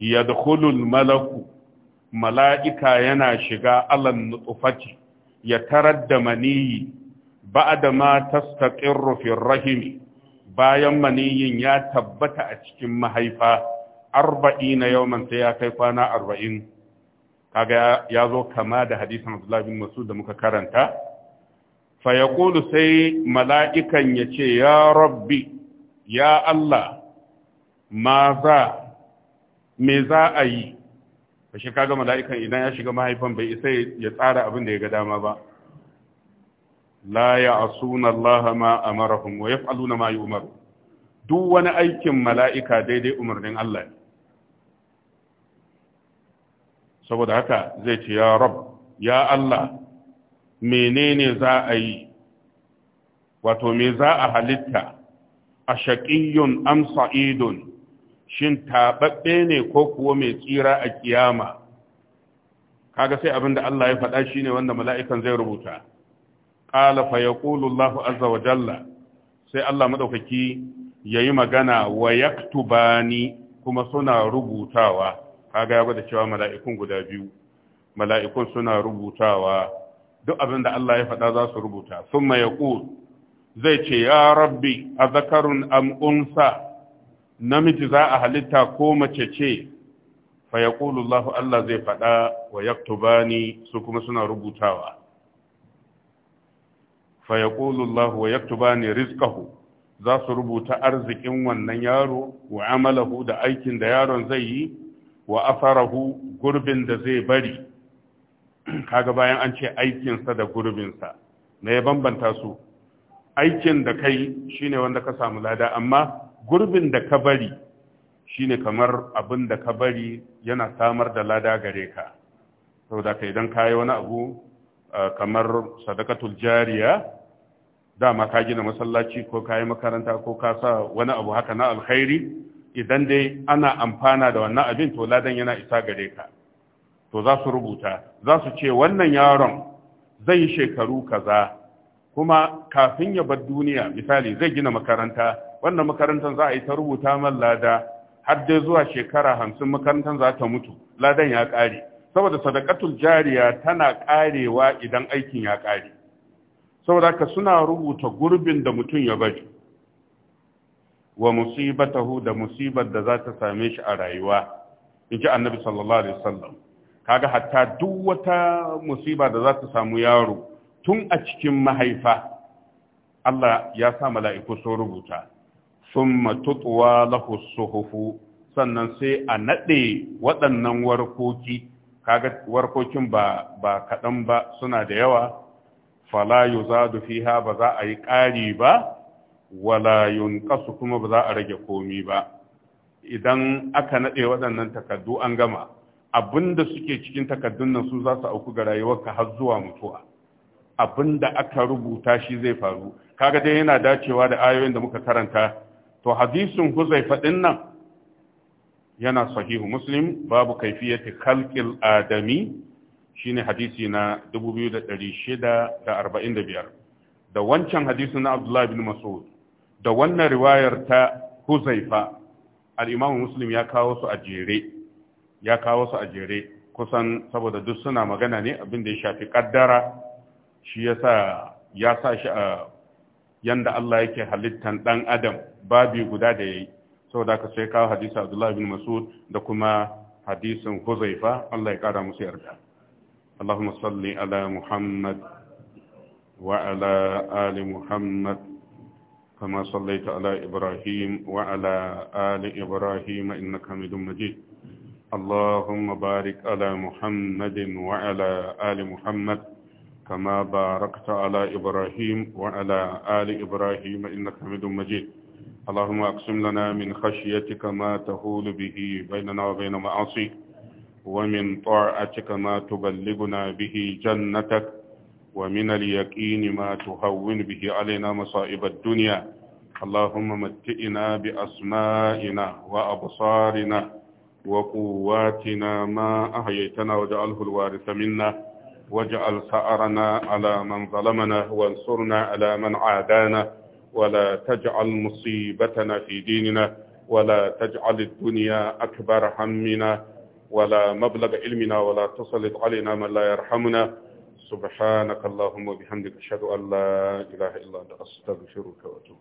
yadkhulul malaku mala'ika yana shiga alan nutufati ya tarar da maniyi ba da ma tastaƙirru fi rahimi bayan maniyin ya tabbata a cikin mahaifa arba'ina yawman sai ya kai kwana arba'in kaga ya zo kama da hadisan Abdullahi masu da muka karanta fa ya kulu sai mala'ikan ya ce ya rabbi ya Allah ma za me za a yi shi kaga mala'ikan idan ya shiga mahaifan bai isa ya tsara abin da ya ga dama ba la ya'suna Allah ma amarahum wa yaf'aluna ma yu'maru duk wani aikin mala'ika daidai umarnin Allah saboda haka zai ce ya rab Allah menene za a yi wato me za a halitta a shaƙiyun amsa idon shin taɓaɓɓe ne ko kuwa mai tsira a kiyama kaga sai abinda Allah ya faɗa shine wanda mala'ikan zai rubuta qala fa yaqulu Allahu azza wa jalla sai Allah madaukaki yayi magana wa yaktubani kuma suna rubutawa kaga ya gwada cewa mala'ikun guda biyu mala'ikun suna rubutawa duk abin da Allah ya faɗa za su rubuta sun ya zai ce ya rabbi a zakarun am'unsa namiji za a halitta ko mace ce fa ya Allah zai faɗa wa yaktubani su kuma suna rubutawa fa wa yaktubani rizqahu za su rubuta arzikin wannan yaro wa amalahu da aikin da yaron zai yi wa afarahu gurbin da zai bari kaga bayan an ce aikinsa da gurbinsa me ya bambanta su aikin da kai shine wanda ka samu lada amma gurbin da ka bari shine kamar abin da ka bari yana samar da lada gare ka saboda kai idan kayi wani abu kamar sadakatul jariya dama ka gina masallaci ko ka yi makaranta ko ka sa wani abu haka na alkhairi idan dai ana amfana da wannan abin to ladan yana isa gare ka to za su rubuta za su ce wannan yaron zai yi shekaru kaza kuma kafin ya bar duniya misali zai gina makaranta wannan makarantar za a yi ta rubuta man lada har dai zuwa shekara hamsin makarantar za ta mutu ladan ya kare. saboda sadakatul jariya tana karewa idan aikin ya kare saboda ka suna rubuta gurbin da mutum ya bari wa musibatahu da musibar da za ta same shi a rayuwa Inji annabi sallallahu alaihi wasallam kaga hatta duk wata musiba da za ta samu yaro tun a cikin mahaifa Allah ya sa mala'iku sun rubuta summa tutwa lahu suhufu sannan sai a nade waɗannan warkoki kaga warkokin ba ba kaɗan ba suna da yawa fala yuzadu fiha ba za a yi ƙari ba wala yunqasu kuma ba za a rage komi ba idan aka naɗe waɗannan takaddu an gama abinda suke cikin takaddun nan su za su auku ga ka har zuwa mutuwa abinda aka rubuta shi zai faru kaga dai yana dacewa da ayoyin da muka karanta to hadisin huzaifa din nan yana sahihu muslim babu kaifiyati khalqil adami shine hadisi na 2645 da wancan hadisi na Abdullahi bin Mas'ud da wannan riwayar ta Huzaifa al-Imam Muslim ya kawo su a jere ya kawo su a jere kusan saboda duk suna magana ne abin da ya shafi kaddara shi yasa ya sa shi a yanda Allah yake halittan dan adam babi guda da yayi saboda ka sai kawo hadisi Abdullahi bin Mas'ud da kuma hadisin Huzaifa Allah ya kara musu yarda Allahumma salli ala Muhammad wa ali Muhammad kama sallaita ala Ibrahim wa ali Ibrahim innaka اللهم بارك على محمد وعلى آل محمد كما باركت على إبراهيم وعلى آل إبراهيم إنك حميد مجيد اللهم أقسم لنا من خشيتك ما تهول به بيننا وبين معاصيك ومن طاعتك ما تبلغنا به جنتك ومن اليقين ما تهون به علينا مصائب الدنيا اللهم متئنا بأسمائنا وأبصارنا وقواتنا ما أحييتنا وجعله الوارث منا واجعل ثأرنا على من ظلمنا وانصرنا على من عادانا ولا تجعل مصيبتنا في ديننا ولا تجعل الدنيا أكبر همنا ولا مبلغ علمنا ولا تسلط علينا من لا يرحمنا سبحانك اللهم وبحمدك أشهد أن لا إله إلا أنت أستغفرك وأتوب